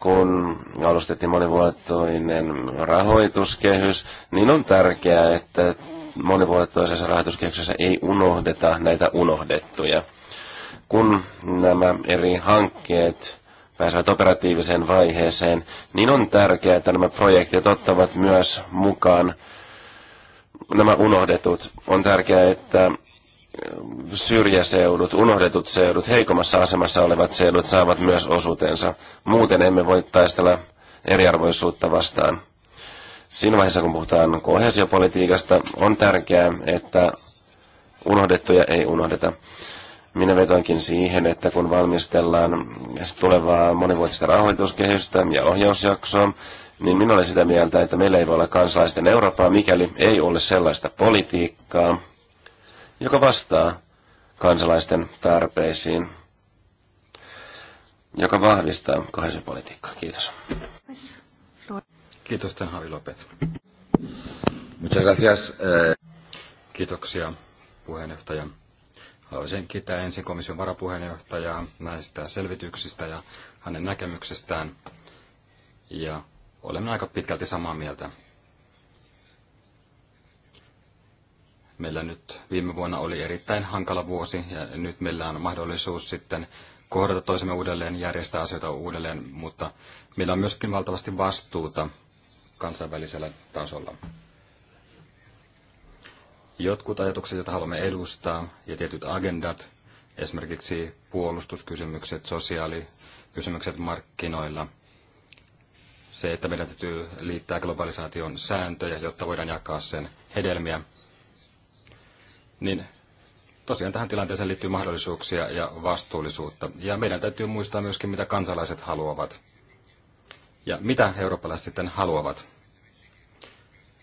Kun alustettiin monivuotoinen rahoituskehys, niin on tärkeää, että monivuotoisessa rahoituskehyksessä ei unohdeta näitä unohdettuja kun nämä eri hankkeet pääsevät operatiiviseen vaiheeseen, niin on tärkeää, että nämä projektit ottavat myös mukaan nämä unohdetut. On tärkeää, että syrjäseudut, unohdetut seudut, heikommassa asemassa olevat seudut saavat myös osuutensa. Muuten emme voi taistella eriarvoisuutta vastaan. Siinä vaiheessa, kun puhutaan kohesiopolitiikasta, on tärkeää, että unohdettuja ei unohdeta. Minä vetoinkin siihen, että kun valmistellaan tulevaa monivuotista rahoituskehystä ja ohjausjaksoa, niin minä olen sitä mieltä, että meillä ei voi olla kansalaisten Eurooppaa, mikäli ei ole sellaista politiikkaa, joka vastaa kansalaisten tarpeisiin, joka vahvistaa kohesiopolitiikkaa. Kiitos. Kiitos, Tenhavi Lopet. Muchas gracias. Eh. Kiitoksia, puheenjohtaja. Haluaisin kiittää ensin komission varapuheenjohtajaa näistä selvityksistä ja hänen näkemyksestään. Ja olemme aika pitkälti samaa mieltä. Meillä nyt viime vuonna oli erittäin hankala vuosi ja nyt meillä on mahdollisuus sitten kohdata toisemme uudelleen, järjestää asioita uudelleen, mutta meillä on myöskin valtavasti vastuuta kansainvälisellä tasolla jotkut ajatukset, joita haluamme edustaa, ja tietyt agendat, esimerkiksi puolustuskysymykset, sosiaalikysymykset markkinoilla, se, että meidän täytyy liittää globalisaation sääntöjä, jotta voidaan jakaa sen hedelmiä, niin tosiaan tähän tilanteeseen liittyy mahdollisuuksia ja vastuullisuutta. Ja meidän täytyy muistaa myöskin, mitä kansalaiset haluavat. Ja mitä eurooppalaiset sitten haluavat?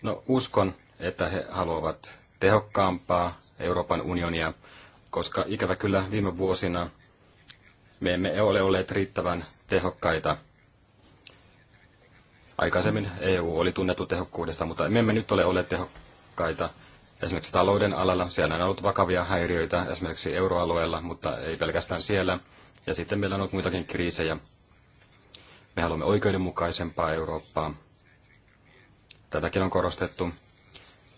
No uskon, että he haluavat tehokkaampaa Euroopan unionia, koska ikävä kyllä viime vuosina me emme ole olleet riittävän tehokkaita. Aikaisemmin EU oli tunnettu tehokkuudesta, mutta me emme nyt ole olleet tehokkaita. Esimerkiksi talouden alalla siellä on ollut vakavia häiriöitä, esimerkiksi euroalueella, mutta ei pelkästään siellä. Ja sitten meillä on ollut muitakin kriisejä. Me haluamme oikeudenmukaisempaa Eurooppaa. Tätäkin on korostettu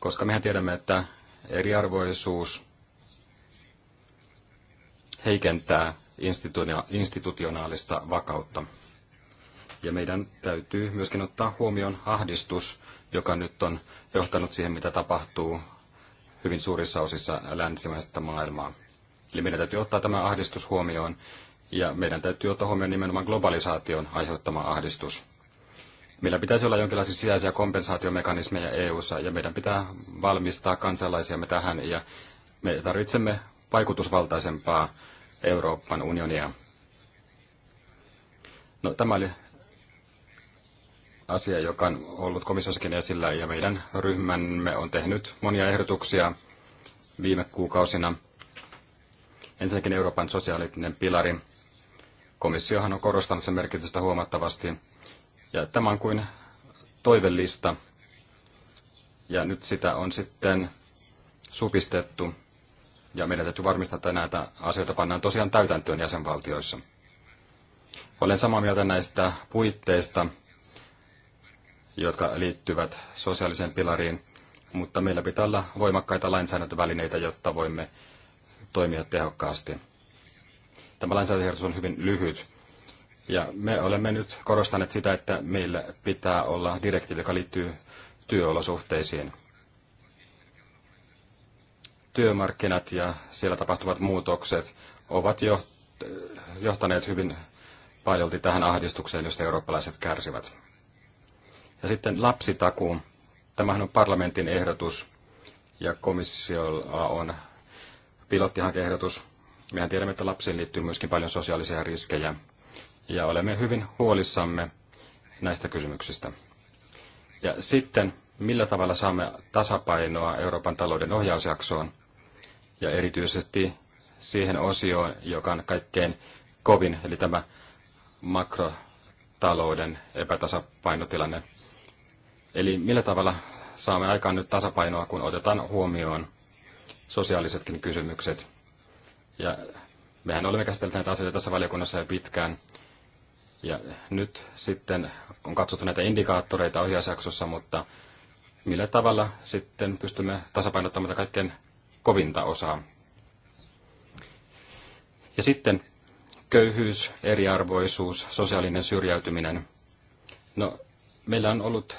koska mehän tiedämme, että eriarvoisuus heikentää institutionaalista vakautta. Ja meidän täytyy myöskin ottaa huomioon ahdistus, joka nyt on johtanut siihen, mitä tapahtuu hyvin suurissa osissa länsimaista maailmaa. Eli meidän täytyy ottaa tämä ahdistus huomioon, ja meidän täytyy ottaa huomioon nimenomaan globalisaation aiheuttama ahdistus. Meillä pitäisi olla jonkinlaisia sisäisiä kompensaatiomekanismeja EU:ssa ja meidän pitää valmistaa kansalaisiamme tähän ja me tarvitsemme vaikutusvaltaisempaa Euroopan unionia. No, tämä oli asia, joka on ollut komissiossakin esillä ja meidän ryhmämme on tehnyt monia ehdotuksia viime kuukausina. Ensinnäkin Euroopan sosiaalinen pilari. Komissiohan on korostanut sen merkitystä huomattavasti ja tämä on kuin toivellista. Ja nyt sitä on sitten supistettu. Ja meidän täytyy varmistaa, että näitä asioita pannaan tosiaan täytäntöön jäsenvaltioissa. Olen samaa mieltä näistä puitteista, jotka liittyvät sosiaaliseen pilariin, mutta meillä pitää olla voimakkaita lainsäädäntövälineitä, jotta voimme toimia tehokkaasti. Tämä lainsäädäntöehdotus on hyvin lyhyt, ja me olemme nyt korostaneet sitä, että meillä pitää olla direktiivi, joka liittyy työolosuhteisiin. Työmarkkinat ja siellä tapahtuvat muutokset ovat johtaneet hyvin paljolti tähän ahdistukseen, josta eurooppalaiset kärsivät. Ja sitten lapsitakuu. Tämähän on parlamentin ehdotus ja komissiolla on pilottihankeehdotus. Mehän tiedämme, että lapsiin liittyy myöskin paljon sosiaalisia riskejä ja olemme hyvin huolissamme näistä kysymyksistä. Ja sitten, millä tavalla saamme tasapainoa Euroopan talouden ohjausjaksoon ja erityisesti siihen osioon, joka on kaikkein kovin, eli tämä makrotalouden epätasapainotilanne. Eli millä tavalla saamme aikaan nyt tasapainoa, kun otetaan huomioon sosiaalisetkin kysymykset. Ja mehän olemme käsitelleet näitä asioita tässä valiokunnassa jo pitkään, ja nyt sitten on katsottu näitä indikaattoreita ohjausjaksossa, mutta millä tavalla sitten pystymme tasapainottamaan kaikkein kovinta osaa. Ja sitten köyhyys, eriarvoisuus, sosiaalinen syrjäytyminen. No, meillä on ollut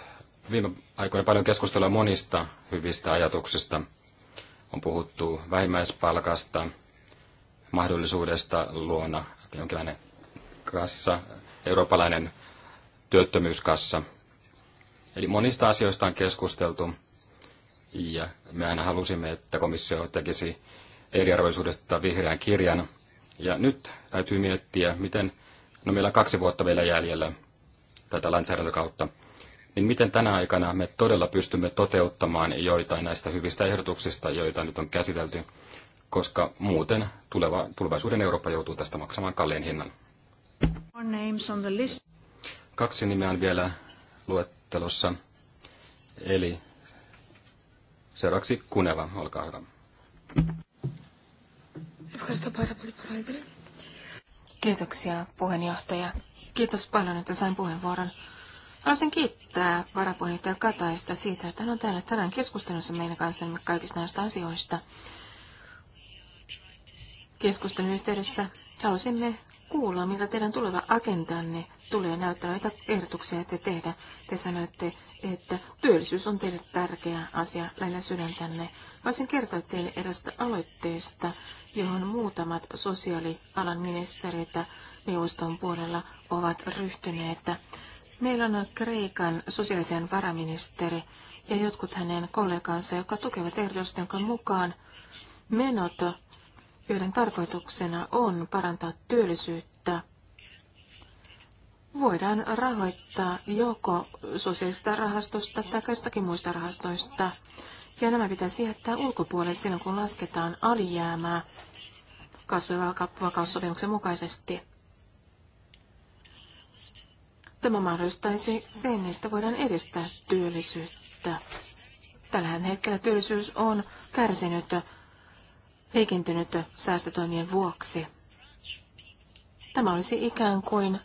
viime aikoina paljon keskustelua monista hyvistä ajatuksista. On puhuttu vähimmäispalkasta, mahdollisuudesta luona jonkinlainen kassa eurooppalainen työttömyyskassa. Eli monista asioista on keskusteltu ja mehän halusimme, että komissio tekisi eriarvoisuudesta vihreän kirjan. Ja nyt täytyy miettiä, miten, no meillä on kaksi vuotta vielä jäljellä tätä lainsäädäntökautta, niin miten tänä aikana me todella pystymme toteuttamaan joitain näistä hyvistä ehdotuksista, joita nyt on käsitelty, koska muuten tuleva, tulevaisuuden Eurooppa joutuu tästä maksamaan kalliin hinnan. Kaksi nimeä on vielä luettelossa. Eli seuraavaksi Kuneva, olkaa hyvä. Kiitoksia puheenjohtaja. Kiitos paljon, että sain puheenvuoron. Haluaisin kiittää varapuheenjohtaja Kataista siitä, että hän on täällä tänään keskustelussa meidän kanssamme kaikista näistä asioista. Keskustelun yhteydessä halusimme kuulla, mitä teidän tuleva agendanne tulee näyttää, mitä ehdotuksia te tehdä. Te sanoitte, että työllisyys on teille tärkeä asia lähellä sydäntänne. Voisin kertoa teille erästä aloitteesta, johon muutamat sosiaalialan ministerit neuvoston puolella ovat ryhtyneet. Meillä on Kreikan sosiaalisen varaministeri ja jotkut hänen kollegansa, jotka tukevat ehdotusten mukaan menot joiden tarkoituksena on parantaa työllisyyttä, voidaan rahoittaa joko sosiaalista rahastosta tai jostakin muista rahastoista. Ja nämä pitäisi jättää ulkopuolelle silloin, kun lasketaan alijäämää kasvivakaussopimuksen mukaisesti. Tämä mahdollistaisi sen, että voidaan edistää työllisyyttä. Tällä hetkellä työllisyys on kärsinyt heikentynyt säästötoimien vuoksi. Tämä olisi ikään kuin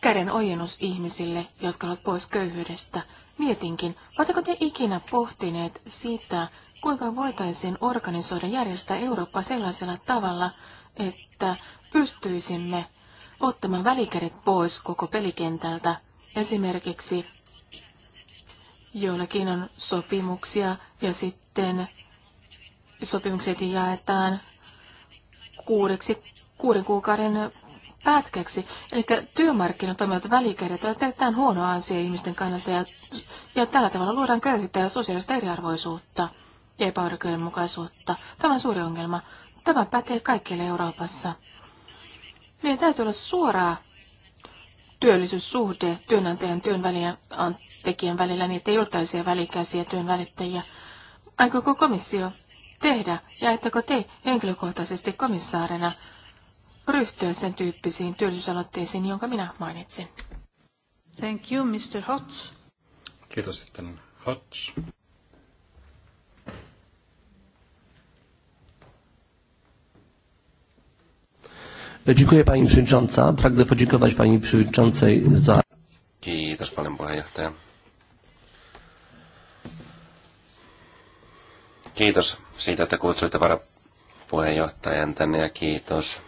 käden ojennus ihmisille, jotka ovat pois köyhyydestä. Mietinkin, oletteko te ikinä pohtineet sitä, kuinka voitaisiin organisoida järjestää Eurooppa sellaisella tavalla, että pystyisimme ottamaan välikädet pois koko pelikentältä. Esimerkiksi joillakin on sopimuksia ja sitten sopimukset jaetaan kuudeksi, kuuden kuukauden pätkäksi. Eli työmarkkinat toimivat välikädet ovat erittäin huono asia ihmisten kannalta ja, ja tällä tavalla luodaan köyhyyttä ja sosiaalista eriarvoisuutta ja epäoikeudenmukaisuutta. Tämä on suuri ongelma. Tämä pätee kaikkialle Euroopassa. Meidän täytyy olla suoraa työllisyyssuhde työnantajan työn tekijän välillä, niin ettei oltaisi välikäisiä työn välittäjiä. Aikooko komissio tehdä ja ettekö te henkilökohtaisesti komissaarina ryhtyä sen tyyppisiin työllisyysaloitteisiin, jonka minä mainitsin? Thank you, Mr. Hotz. Kiitos sitten Hotz. Dziękuję Pani Przewodnicząca. Pragnę podziękować Pani Przewodniczącej za... Kiitos paljon puheenjohtaja. Kiitos siitä, että kutsuitte varapuheenjohtajan tänne ja kiitos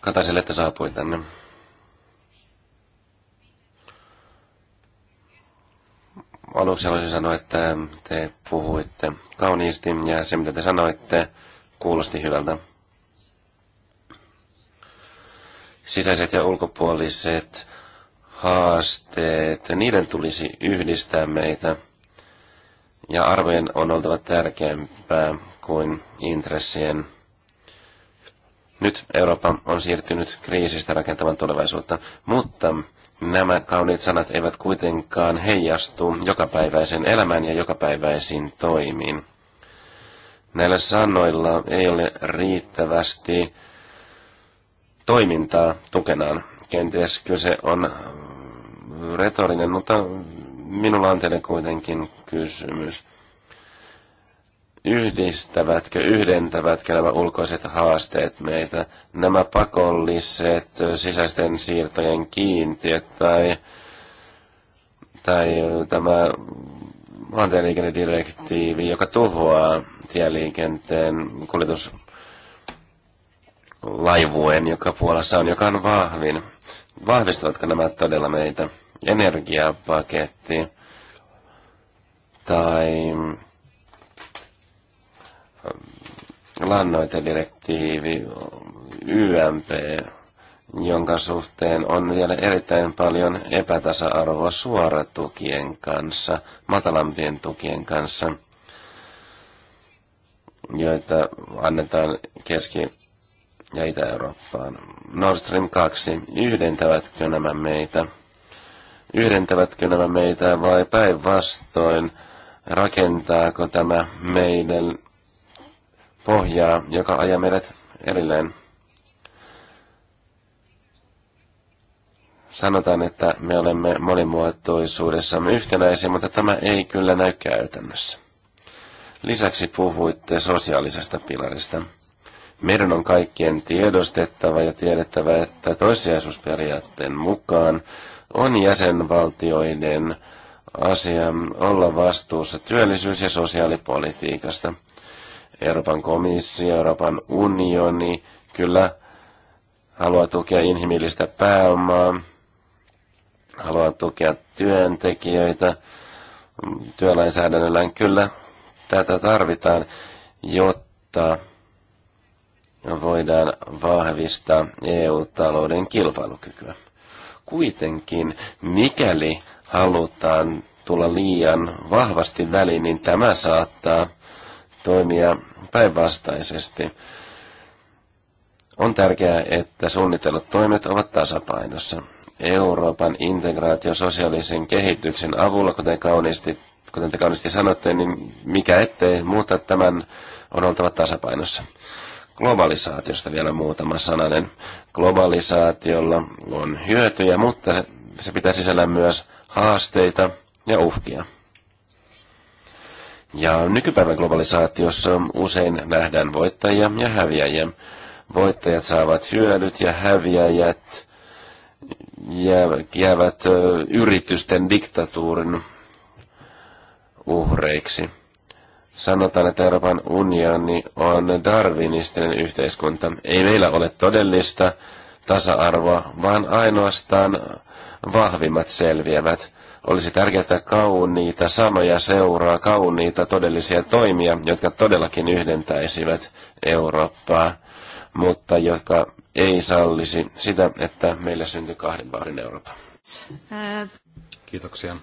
Kataselle, että saapui tänne. Aluksi haluaisin sanoa, että te puhuitte kauniisti ja se, mitä te sanoitte, kuulosti hyvältä. Sisäiset ja ulkopuoliset haasteet, niiden tulisi yhdistää meitä – ja arvojen on oltava tärkeämpää kuin intressien. Nyt Eurooppa on siirtynyt kriisistä rakentavan tulevaisuutta, mutta nämä kauniit sanat eivät kuitenkaan heijastu jokapäiväisen elämään ja jokapäiväisiin toimiin. Näillä sanoilla ei ole riittävästi toimintaa tukenaan. Kenties kyse on retorinen, mutta Minulla on teille kuitenkin kysymys. Yhdistävätkö, yhdentävätkö nämä ulkoiset haasteet meitä? Nämä pakolliset sisäisten siirtojen kiintiöt tai, tai tämä maantieliikennedirektiivi, joka tuhoaa tieliikenteen kuljetuslaivuen, joka Puolassa on, joka on vahvin. Vahvistavatko nämä todella meitä? energiapaketti tai ähm, lannoitedirektiivi, YMP, jonka suhteen on vielä erittäin paljon epätasa-arvoa suoratukien kanssa, matalampien tukien kanssa, joita annetaan Keski- ja Itä-Eurooppaan. Nord Stream 2, yhdentävätkö nämä meitä? Yhdentävätkö nämä meitä vai päinvastoin rakentaako tämä meidän pohjaa, joka ajaa meidät erilleen? Sanotaan, että me olemme monimuotoisuudessamme yhtenäisiä, mutta tämä ei kyllä näy käytännössä. Lisäksi puhuitte sosiaalisesta pilarista. Meidän on kaikkien tiedostettava ja tiedettävä, että toissijaisuusperiaatteen mukaan on jäsenvaltioiden asia olla vastuussa työllisyys- ja sosiaalipolitiikasta. Euroopan komissio, Euroopan unioni kyllä haluaa tukea inhimillistä pääomaa, haluaa tukea työntekijöitä Työlainsäädännöllä Kyllä tätä tarvitaan, jotta voidaan vahvistaa EU-talouden kilpailukykyä. Kuitenkin, mikäli halutaan tulla liian vahvasti väliin, niin tämä saattaa toimia päinvastaisesti. On tärkeää, että suunnitellut toimet ovat tasapainossa. Euroopan integraatio sosiaalisen kehityksen avulla, kuten, kauniisti, kuten te kauniisti sanotte, niin mikä ettei, muuta tämän on oltava tasapainossa globalisaatiosta vielä muutama sananen. Globalisaatiolla on hyötyjä, mutta se pitää sisällä myös haasteita ja uhkia. Ja nykypäivän globalisaatiossa usein nähdään voittajia ja häviäjiä. Voittajat saavat hyödyt ja häviäjät jäävät yritysten diktatuurin uhreiksi. Sanotaan, että Euroopan unioni on darwinistinen yhteiskunta. Ei meillä ole todellista tasa-arvoa, vaan ainoastaan vahvimmat selviävät. Olisi tärkeää, että kauniita sanoja seuraa kauniita todellisia toimia, jotka todellakin yhdentäisivät Eurooppaa, mutta jotka ei sallisi sitä, että meillä syntyy kahden vaarin Eurooppa. Kiitoksia.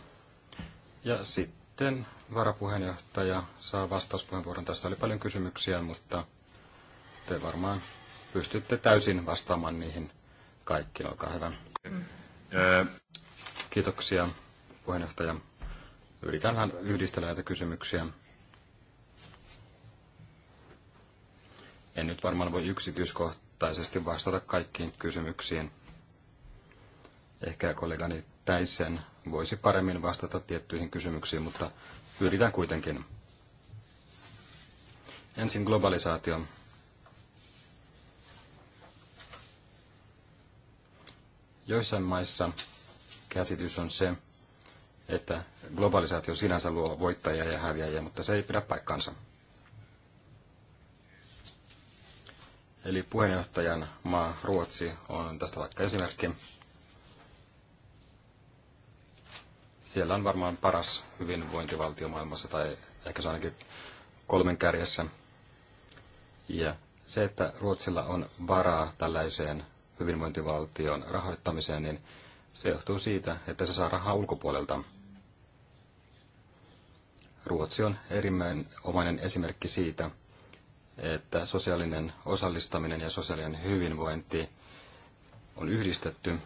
Ja sitten varapuheenjohtaja saa vastauspuheenvuoron. Tässä oli paljon kysymyksiä, mutta te varmaan pystytte täysin vastaamaan niihin kaikkiin. Olkaa hyvä. Kiitoksia puheenjohtaja. Yritänhän yhdistellä näitä kysymyksiä. En nyt varmaan voi yksityiskohtaisesti vastata kaikkiin kysymyksiin. Ehkä kollegani Täisen voisi paremmin vastata tiettyihin kysymyksiin, mutta Yritän kuitenkin. Ensin globalisaatio. Joissain maissa käsitys on se, että globalisaatio sinänsä luo voittajia ja häviäjiä, mutta se ei pidä paikkaansa. Eli puheenjohtajan maa Ruotsi on tästä vaikka esimerkki. Siellä on varmaan paras hyvinvointivaltio maailmassa, tai ehkä se ainakin kolmen kärjessä. Ja se, että Ruotsilla on varaa tällaiseen hyvinvointivaltion rahoittamiseen, niin se johtuu siitä, että se saa rahaa ulkopuolelta. Ruotsi on erinomainen esimerkki siitä, että sosiaalinen osallistaminen ja sosiaalinen hyvinvointi on yhdistetty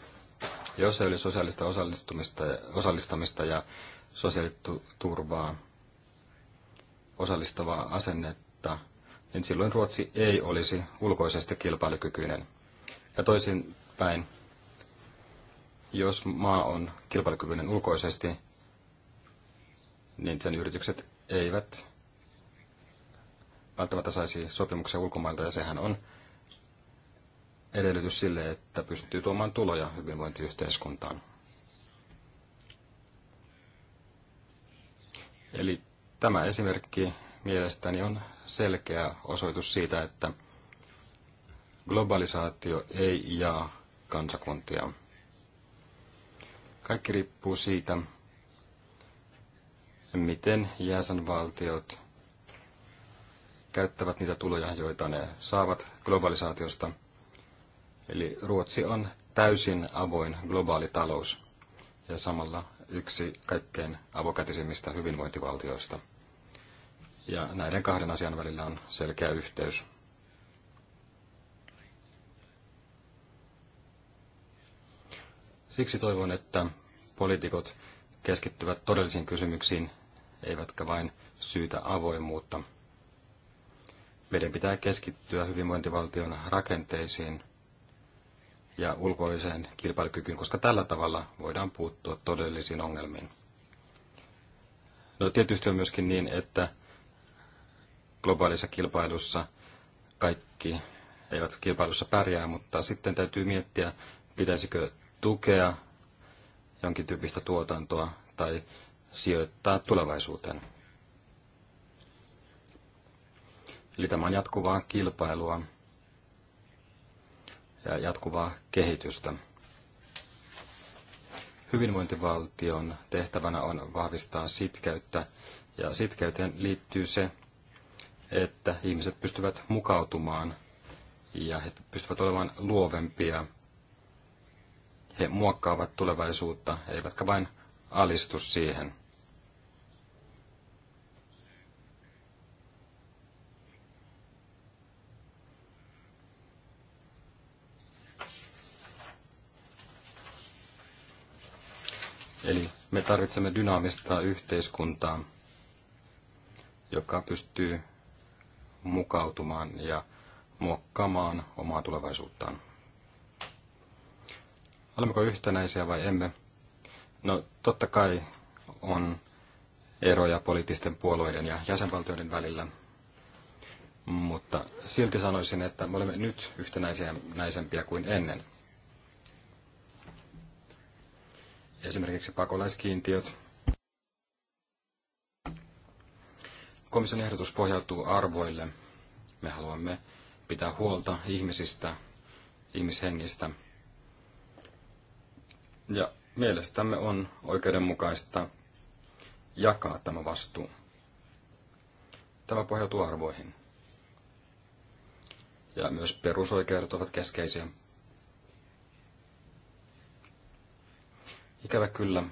jos ei ole sosiaalista osallistumista, osallistamista ja sosiaaliturvaa osallistavaa asennetta, niin silloin Ruotsi ei olisi ulkoisesti kilpailukykyinen. Ja toisin päin, jos maa on kilpailukykyinen ulkoisesti, niin sen yritykset eivät välttämättä saisi sopimuksia ulkomailta, ja sehän on edellytys sille, että pystyy tuomaan tuloja hyvinvointiyhteiskuntaan. Eli tämä esimerkki mielestäni on selkeä osoitus siitä, että globalisaatio ei jaa kansakuntia. Kaikki riippuu siitä, miten jäsenvaltiot käyttävät niitä tuloja, joita ne saavat globalisaatiosta – Eli Ruotsi on täysin avoin globaali talous ja samalla yksi kaikkein avokätisimmistä hyvinvointivaltioista. Ja näiden kahden asian välillä on selkeä yhteys. Siksi toivon, että poliitikot keskittyvät todellisiin kysymyksiin, eivätkä vain syytä avoimuutta. Meidän pitää keskittyä hyvinvointivaltion rakenteisiin – ja ulkoiseen kilpailukykyyn, koska tällä tavalla voidaan puuttua todellisiin ongelmiin. No tietysti on myöskin niin, että globaalissa kilpailussa kaikki eivät kilpailussa pärjää, mutta sitten täytyy miettiä, pitäisikö tukea jonkin tyyppistä tuotantoa tai sijoittaa tulevaisuuteen. Eli tämä on jatkuvaa kilpailua ja jatkuvaa kehitystä. Hyvinvointivaltion tehtävänä on vahvistaa sitkeyttä, ja sitkeyteen liittyy se, että ihmiset pystyvät mukautumaan ja he pystyvät olemaan luovempia. He muokkaavat tulevaisuutta, eivätkä vain alistu siihen. Eli me tarvitsemme dynaamista yhteiskuntaa, joka pystyy mukautumaan ja muokkaamaan omaa tulevaisuuttaan. Olemmeko yhtenäisiä vai emme? No totta kai on eroja poliittisten puolueiden ja jäsenvaltioiden välillä, mutta silti sanoisin, että me olemme nyt yhtenäisempiä kuin ennen. esimerkiksi pakolaiskiintiöt. Komission ehdotus pohjautuu arvoille. Me haluamme pitää huolta ihmisistä, ihmishengistä. Ja mielestämme on oikeudenmukaista jakaa tämä vastuu. Tämä pohjautuu arvoihin. Ja myös perusoikeudet ovat keskeisiä Ikävä kyllä,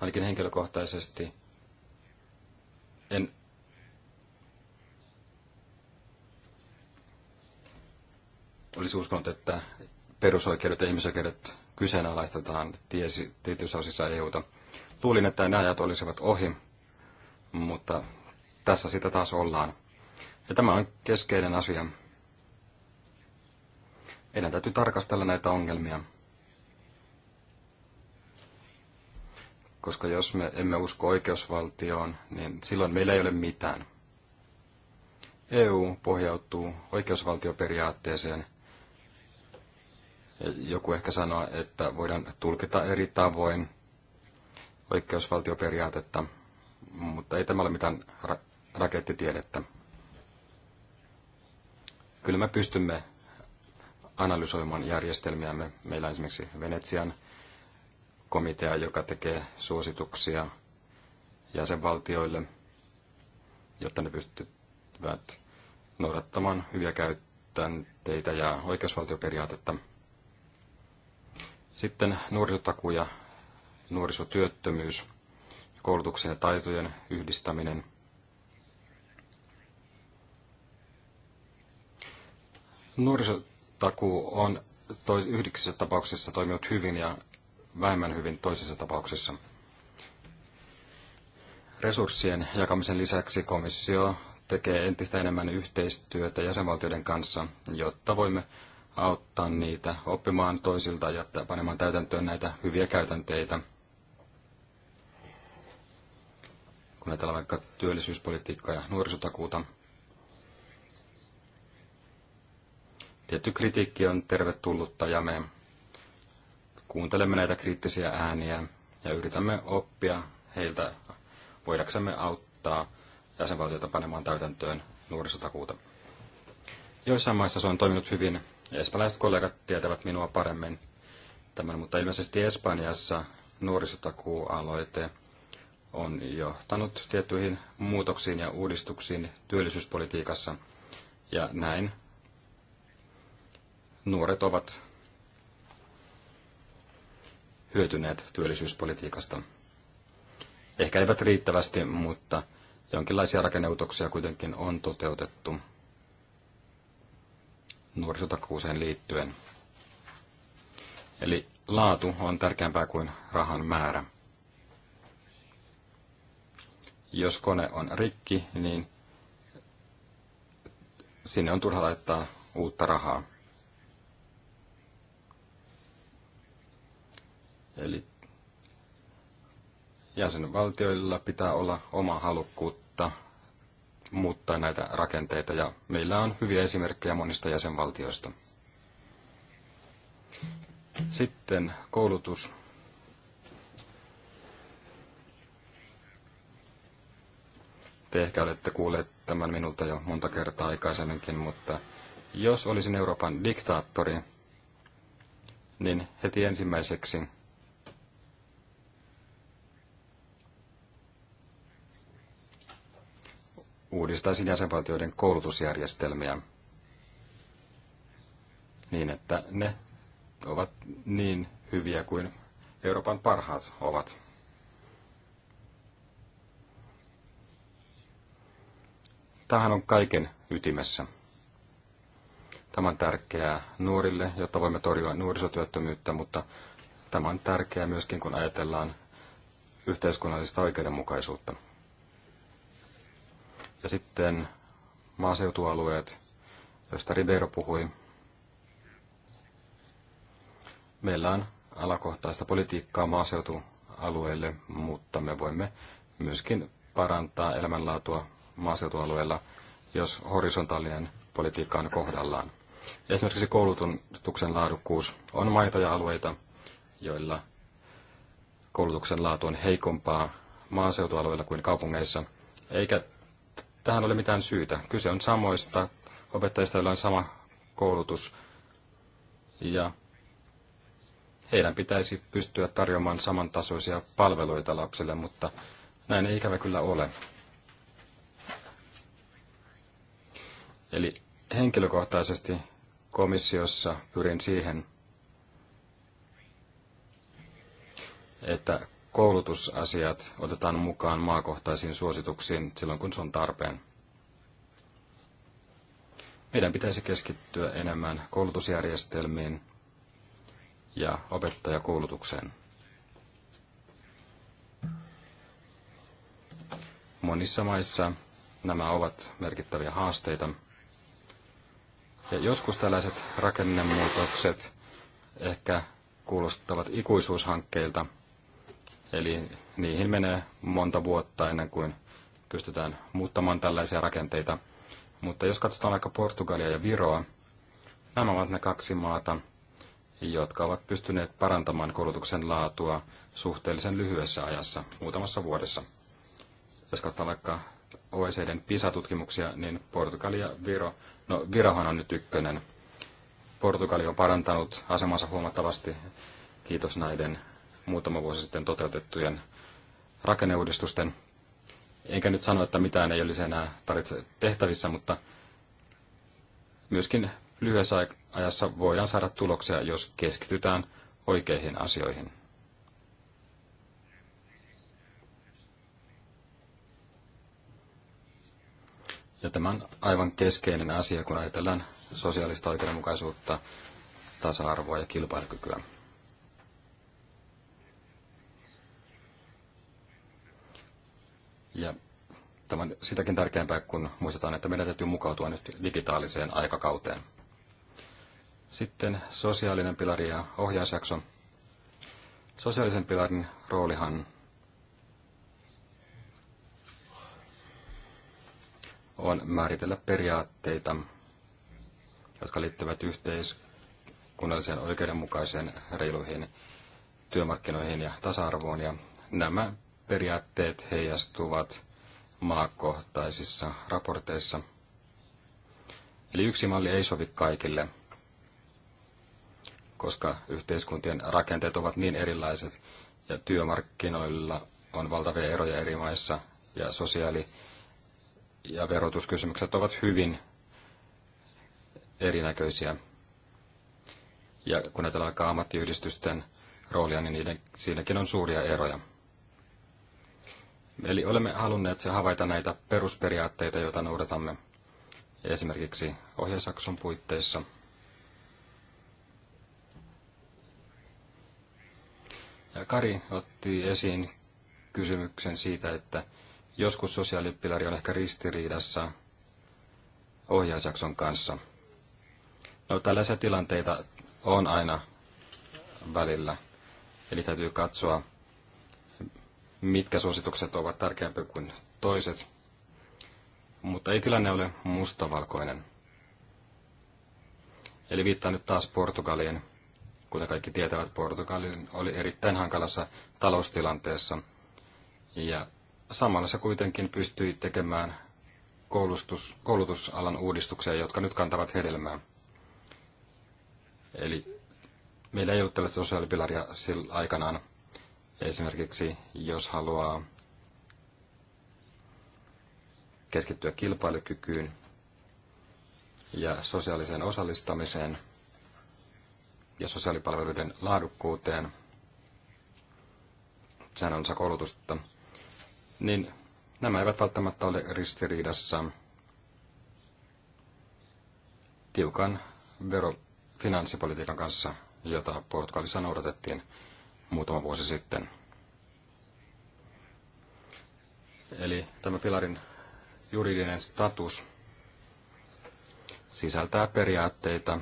ainakin henkilökohtaisesti, en olisi uskonut, että perusoikeudet ja ihmisoikeudet kyseenalaistetaan tietyissä osissa EUta. Luulin, että nämä ajat olisivat ohi, mutta tässä sitä taas ollaan. Ja tämä on keskeinen asia. Meidän täytyy tarkastella näitä ongelmia. koska jos me emme usko oikeusvaltioon, niin silloin meillä ei ole mitään. EU pohjautuu oikeusvaltioperiaatteeseen. Joku ehkä sanoo, että voidaan tulkita eri tavoin oikeusvaltioperiaatetta, mutta ei tämä ole mitään ra- rakettitiedettä. Kyllä me pystymme analysoimaan järjestelmiämme. Meillä on esimerkiksi Venetsian komitea, joka tekee suosituksia jäsenvaltioille, jotta ne pystyvät noudattamaan hyviä käytänteitä ja oikeusvaltioperiaatetta. Sitten nuorisotaku ja nuorisotyöttömyys, koulutuksen ja taitojen yhdistäminen. Nuorisotakuu on yhdeksässä tapauksessa toiminut hyvin ja vähemmän hyvin toisissa tapauksissa. Resurssien jakamisen lisäksi komissio tekee entistä enemmän yhteistyötä jäsenvaltioiden kanssa, jotta voimme auttaa niitä oppimaan toisilta ja panemaan täytäntöön näitä hyviä käytänteitä. Kun ajatellaan vaikka työllisyyspolitiikkaa ja nuorisotakuuta. Tietty kritiikki on tervetullutta ja me kuuntelemme näitä kriittisiä ääniä ja yritämme oppia heiltä voidaksemme auttaa jäsenvaltioita panemaan täytäntöön nuorisotakuuta. Joissain maissa se on toiminut hyvin. Espanjalaiset kollegat tietävät minua paremmin tämän, mutta ilmeisesti Espanjassa nuorisotakuualoite on johtanut tiettyihin muutoksiin ja uudistuksiin työllisyyspolitiikassa. Ja näin nuoret ovat hyötyneet työllisyyspolitiikasta. Ehkä eivät riittävästi, mutta jonkinlaisia rakennetuksia kuitenkin on toteutettu nuorisotakuuseen liittyen. Eli laatu on tärkeämpää kuin rahan määrä. Jos kone on rikki, niin sinne on turha laittaa uutta rahaa. Eli jäsenvaltioilla pitää olla oma halukkuutta muuttaa näitä rakenteita, ja meillä on hyviä esimerkkejä monista jäsenvaltioista. Sitten koulutus. Te ehkä olette kuulleet tämän minulta jo monta kertaa aikaisemminkin, mutta jos olisin Euroopan diktaattori, niin heti ensimmäiseksi uudistaisin jäsenvaltioiden koulutusjärjestelmiä niin, että ne ovat niin hyviä kuin Euroopan parhaat ovat. Tähän on kaiken ytimessä. Tämä on tärkeää nuorille, jotta voimme torjua nuorisotyöttömyyttä, mutta tämä on tärkeää myöskin, kun ajatellaan yhteiskunnallista oikeudenmukaisuutta. Ja sitten maaseutualueet, joista Ribeiro puhui. Meillä on alakohtaista politiikkaa maaseutualueille, mutta me voimme myöskin parantaa elämänlaatua maaseutualueella, jos horisontaalinen politiikka on kohdallaan. Esimerkiksi koulutuksen laadukkuus on maita ja alueita, joilla koulutuksen laatu on heikompaa maaseutualueilla kuin kaupungeissa, eikä tähän ole mitään syytä. Kyse on samoista opettajista, joilla on sama koulutus. Ja heidän pitäisi pystyä tarjoamaan samantasoisia palveluita lapsille, mutta näin ei ikävä kyllä ole. Eli henkilökohtaisesti komissiossa pyrin siihen, että koulutusasiat otetaan mukaan maakohtaisiin suosituksiin silloin, kun se on tarpeen. Meidän pitäisi keskittyä enemmän koulutusjärjestelmiin ja opettajakoulutukseen. Monissa maissa nämä ovat merkittäviä haasteita. Ja joskus tällaiset rakennemuutokset ehkä kuulostavat ikuisuushankkeilta – Eli niihin menee monta vuotta ennen kuin pystytään muuttamaan tällaisia rakenteita. Mutta jos katsotaan vaikka Portugalia ja Viroa, nämä ovat ne kaksi maata, jotka ovat pystyneet parantamaan koulutuksen laatua suhteellisen lyhyessä ajassa, muutamassa vuodessa. Jos katsotaan vaikka OECDn PISA-tutkimuksia, niin Portugali ja Viro, no Virohan on nyt ykkönen. Portugali on parantanut asemansa huomattavasti, kiitos näiden muutama vuosi sitten toteutettujen rakenneuudistusten. Enkä nyt sano, että mitään ei olisi enää tarvitse tehtävissä, mutta myöskin lyhyessä ajassa voidaan saada tuloksia, jos keskitytään oikeisiin asioihin. Ja tämä on aivan keskeinen asia, kun ajatellaan sosiaalista oikeudenmukaisuutta, tasa-arvoa ja kilpailukykyä. Ja tämä on sitäkin tärkeämpää, kun muistetaan, että meidän täytyy mukautua nyt digitaaliseen aikakauteen. Sitten sosiaalinen pilari ja ohjausjakso. Sosiaalisen pilarin roolihan on määritellä periaatteita, jotka liittyvät yhteiskunnalliseen oikeudenmukaiseen reiluihin työmarkkinoihin ja tasa-arvoon. Ja nämä periaatteet heijastuvat maakohtaisissa raporteissa. Eli yksi malli ei sovi kaikille, koska yhteiskuntien rakenteet ovat niin erilaiset ja työmarkkinoilla on valtavia eroja eri maissa ja sosiaali- ja verotuskysymykset ovat hyvin erinäköisiä. Ja kun ajatellaan ammattiyhdistysten roolia, niin niiden, siinäkin on suuria eroja. Eli olemme halunneet se havaita näitä perusperiaatteita, joita noudatamme esimerkiksi ohjesakson puitteissa. Ja Kari otti esiin kysymyksen siitä, että joskus sosiaalipilari on ehkä ristiriidassa ohjausjakson kanssa. No, tällaisia tilanteita on aina välillä. Eli täytyy katsoa, mitkä suositukset ovat tärkeämpiä kuin toiset. Mutta ei tilanne ole mustavalkoinen. Eli viittaa nyt taas Portugaliin. Kuten kaikki tietävät, Portugali oli erittäin hankalassa taloustilanteessa. Ja samalla se kuitenkin pystyi tekemään koulutus, koulutusalan uudistuksia, jotka nyt kantavat hedelmää. Eli meillä ei ollut tällaista sosiaalipilaria sillä aikanaan. Esimerkiksi jos haluaa keskittyä kilpailukykyyn ja sosiaaliseen osallistamiseen ja sosiaalipalveluiden laadukkuuteen, sehän on osa koulutusta, niin nämä eivät välttämättä ole ristiriidassa tiukan verofinanssipolitiikan kanssa, jota Portugalissa noudatettiin muutama vuosi sitten. Eli tämä pilarin juridinen status sisältää periaatteita,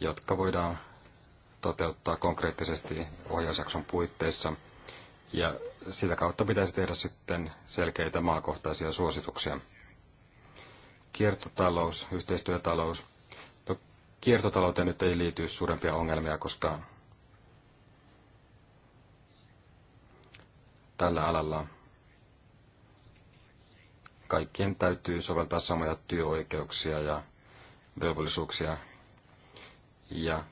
jotka voidaan toteuttaa konkreettisesti ohjausjakson puitteissa. Ja sitä kautta pitäisi tehdä sitten selkeitä maakohtaisia suosituksia. Kiertotalous, yhteistyötalous. No, kiertotalouteen nyt ei liity suurempia ongelmia, koska tällä alalla kaikkien täytyy soveltaa samoja työoikeuksia ja velvollisuuksia. Ja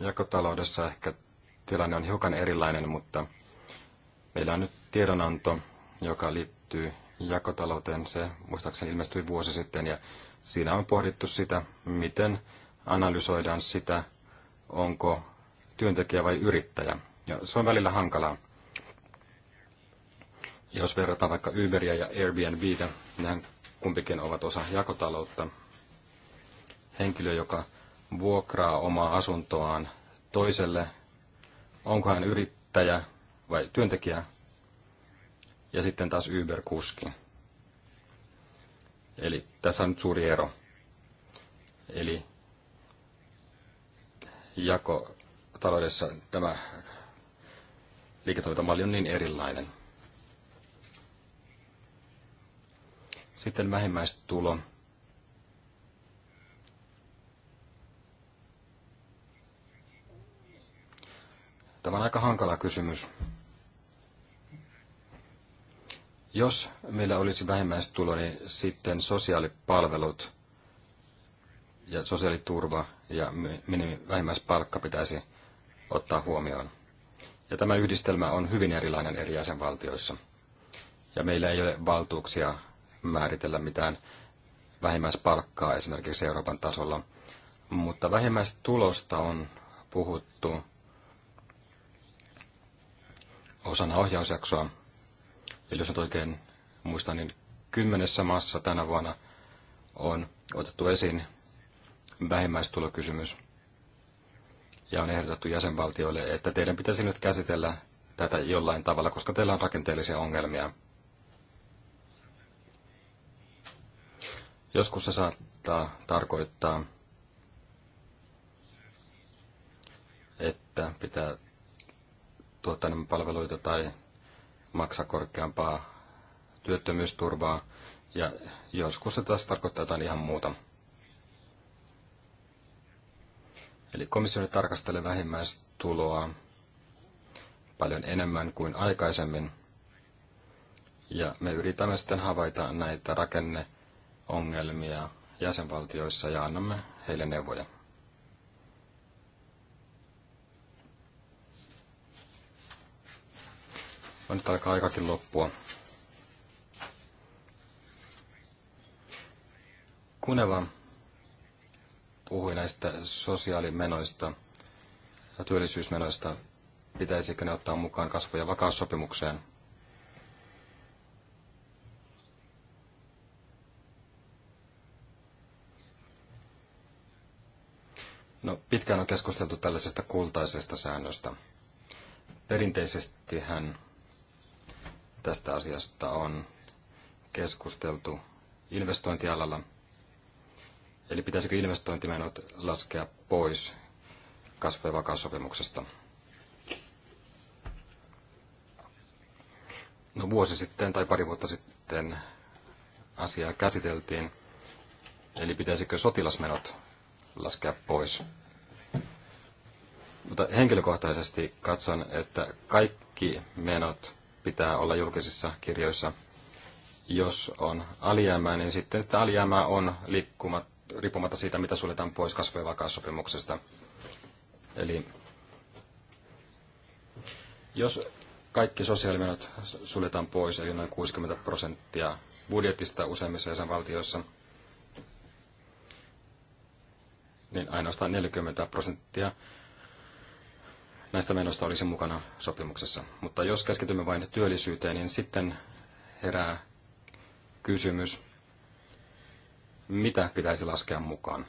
jakotaloudessa ehkä tilanne on hiukan erilainen, mutta meillä on nyt tiedonanto, joka liittyy jakotalouteen. Se muistaakseni ilmestyi vuosi sitten ja siinä on pohdittu sitä, miten analysoidaan sitä, onko työntekijä vai yrittäjä. Ja se on välillä hankalaa. Jos verrataan vaikka Uberia ja Airbnbitä, nehän kumpikin ovat osa jakotaloutta. Henkilö, joka vuokraa omaa asuntoaan toiselle, onko hän yrittäjä vai työntekijä, ja sitten taas Uber-kuski. Eli tässä on nyt suuri ero. Eli jakotaloudessa tämä liiketoimintamalli on niin erilainen. Sitten vähimmäistulo. Tämä on aika hankala kysymys. Jos meillä olisi vähimmäistulo, niin sitten sosiaalipalvelut ja sosiaaliturva ja vähimmäispalkka pitäisi ottaa huomioon. Ja tämä yhdistelmä on hyvin erilainen eri jäsenvaltioissa. Ja meillä ei ole valtuuksia määritellä mitään vähimmäispalkkaa esimerkiksi Euroopan tasolla, mutta vähimmäistulosta on puhuttu osana ohjausjaksoa. Eli jos nyt oikein muistan, niin kymmenessä maassa tänä vuonna on otettu esiin vähimmäistulokysymys. Ja on ehdotettu jäsenvaltioille, että teidän pitäisi nyt käsitellä tätä jollain tavalla, koska teillä on rakenteellisia ongelmia. Joskus se saattaa tarkoittaa, että pitää tuottaa enemmän palveluita tai maksaa korkeampaa työttömyysturvaa, ja joskus se taas tarkoittaa jotain ihan muuta. Eli komissio tarkastelee vähimmäistuloa paljon enemmän kuin aikaisemmin, ja me yritämme sitten havaita näitä rakenne- ongelmia jäsenvaltioissa ja annamme heille neuvoja. No nyt alkaa aikakin loppua. Kuneva puhui näistä sosiaalimenoista ja työllisyysmenoista. Pitäisikö ne ottaa mukaan kasvu- ja vakaussopimukseen? No, pitkään on keskusteltu tällaisesta kultaisesta säännöstä. Perinteisestihän tästä asiasta on keskusteltu investointialalla. Eli pitäisikö investointimenot laskea pois kasvu- ja vakaussopimuksesta? No vuosi sitten tai pari vuotta sitten asiaa käsiteltiin. Eli pitäisikö sotilasmenot laskea pois. Mutta henkilökohtaisesti katson, että kaikki menot pitää olla julkisissa kirjoissa. Jos on alijäämää, niin sitten sitä alijäämää on liikkumat, riippumatta siitä, mitä suljetaan pois kasvojen vakaussopimuksesta. Eli jos kaikki sosiaalimenot suljetaan pois, eli noin 60 prosenttia budjetista useimmissa jäsenvaltioissa – niin ainoastaan 40 prosenttia näistä menoista olisi mukana sopimuksessa. Mutta jos keskitymme vain työllisyyteen, niin sitten herää kysymys, mitä pitäisi laskea mukaan.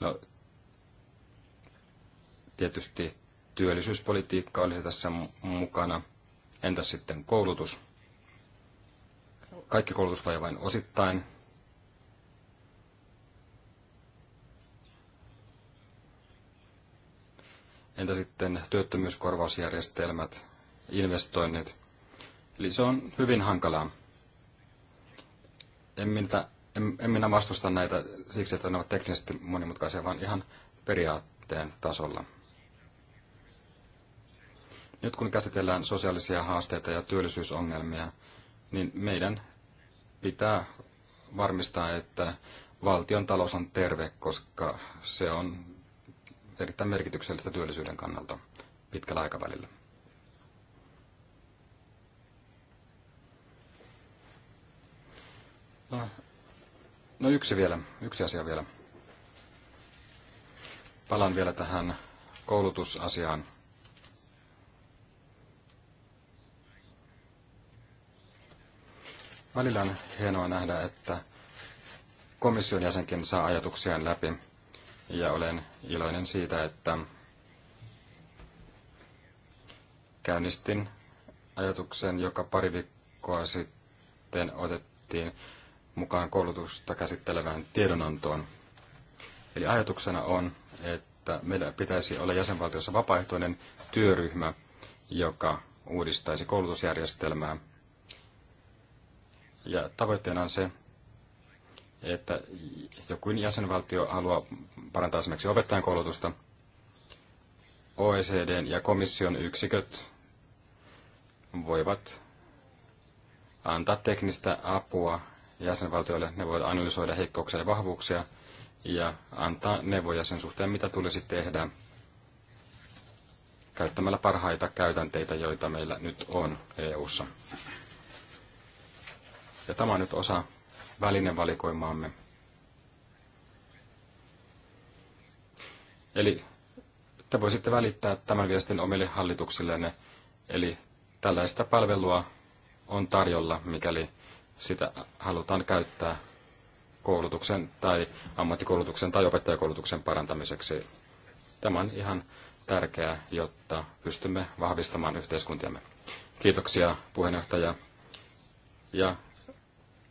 No, tietysti työllisyyspolitiikka olisi tässä mukana. Entäs sitten koulutus? kaikki koulutuslaji vain osittain. Entä sitten työttömyyskorvausjärjestelmät, investoinnit? Eli se on hyvin hankalaa. En minä, en, en minä vastusta näitä siksi, että ne ovat teknisesti monimutkaisia, vaan ihan periaatteen tasolla. Nyt kun käsitellään sosiaalisia haasteita ja työllisyysongelmia, niin meidän pitää varmistaa, että valtion talous on terve, koska se on erittäin merkityksellistä työllisyyden kannalta pitkällä aikavälillä. No, no yksi vielä, yksi asia vielä. Palaan vielä tähän koulutusasiaan. Välillä on hienoa nähdä, että komission jäsenkin saa ajatuksiaan läpi. Ja olen iloinen siitä, että käynnistin ajatuksen, joka pari viikkoa sitten otettiin mukaan koulutusta käsittelevään tiedonantoon. Eli ajatuksena on, että meillä pitäisi olla jäsenvaltiossa vapaaehtoinen työryhmä, joka uudistaisi koulutusjärjestelmää ja tavoitteena on se, että joku jäsenvaltio haluaa parantaa esimerkiksi opettajan koulutusta, OECD ja komission yksiköt voivat antaa teknistä apua jäsenvaltioille. Ne voivat analysoida heikkouksia ja vahvuuksia ja antaa neuvoja sen suhteen, mitä tulisi tehdä käyttämällä parhaita käytänteitä, joita meillä nyt on EU:ssa. ssa ja tämä on nyt osa välinevalikoimaamme. Eli te voisitte välittää tämän viestin omille hallituksillenne, eli tällaista palvelua on tarjolla, mikäli sitä halutaan käyttää koulutuksen tai ammattikoulutuksen tai opettajakoulutuksen parantamiseksi. Tämä on ihan tärkeää, jotta pystymme vahvistamaan yhteiskuntiamme. Kiitoksia puheenjohtaja. Ja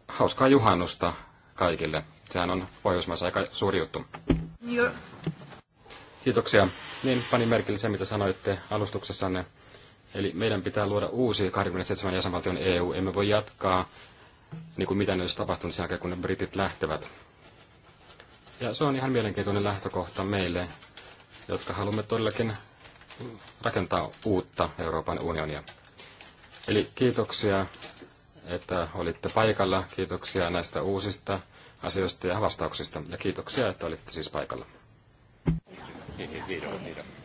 hauskaa juhannusta kaikille. Sehän on Pohjoismaissa aika suuri juttu. Joo. Kiitoksia. Niin, panin merkille se, mitä sanoitte alustuksessanne. Eli meidän pitää luoda uusi 27 jäsenvaltion EU. Emme voi jatkaa niin kuin mitä ne olisi tapahtunut sen jälkeen, kun ne britit lähtevät. Ja se on ihan mielenkiintoinen lähtökohta meille, jotka haluamme todellakin rakentaa uutta Euroopan unionia. Eli kiitoksia että olitte paikalla. Kiitoksia näistä uusista asioista ja vastauksista. Ja kiitoksia, että olitte siis paikalla. Kiitos.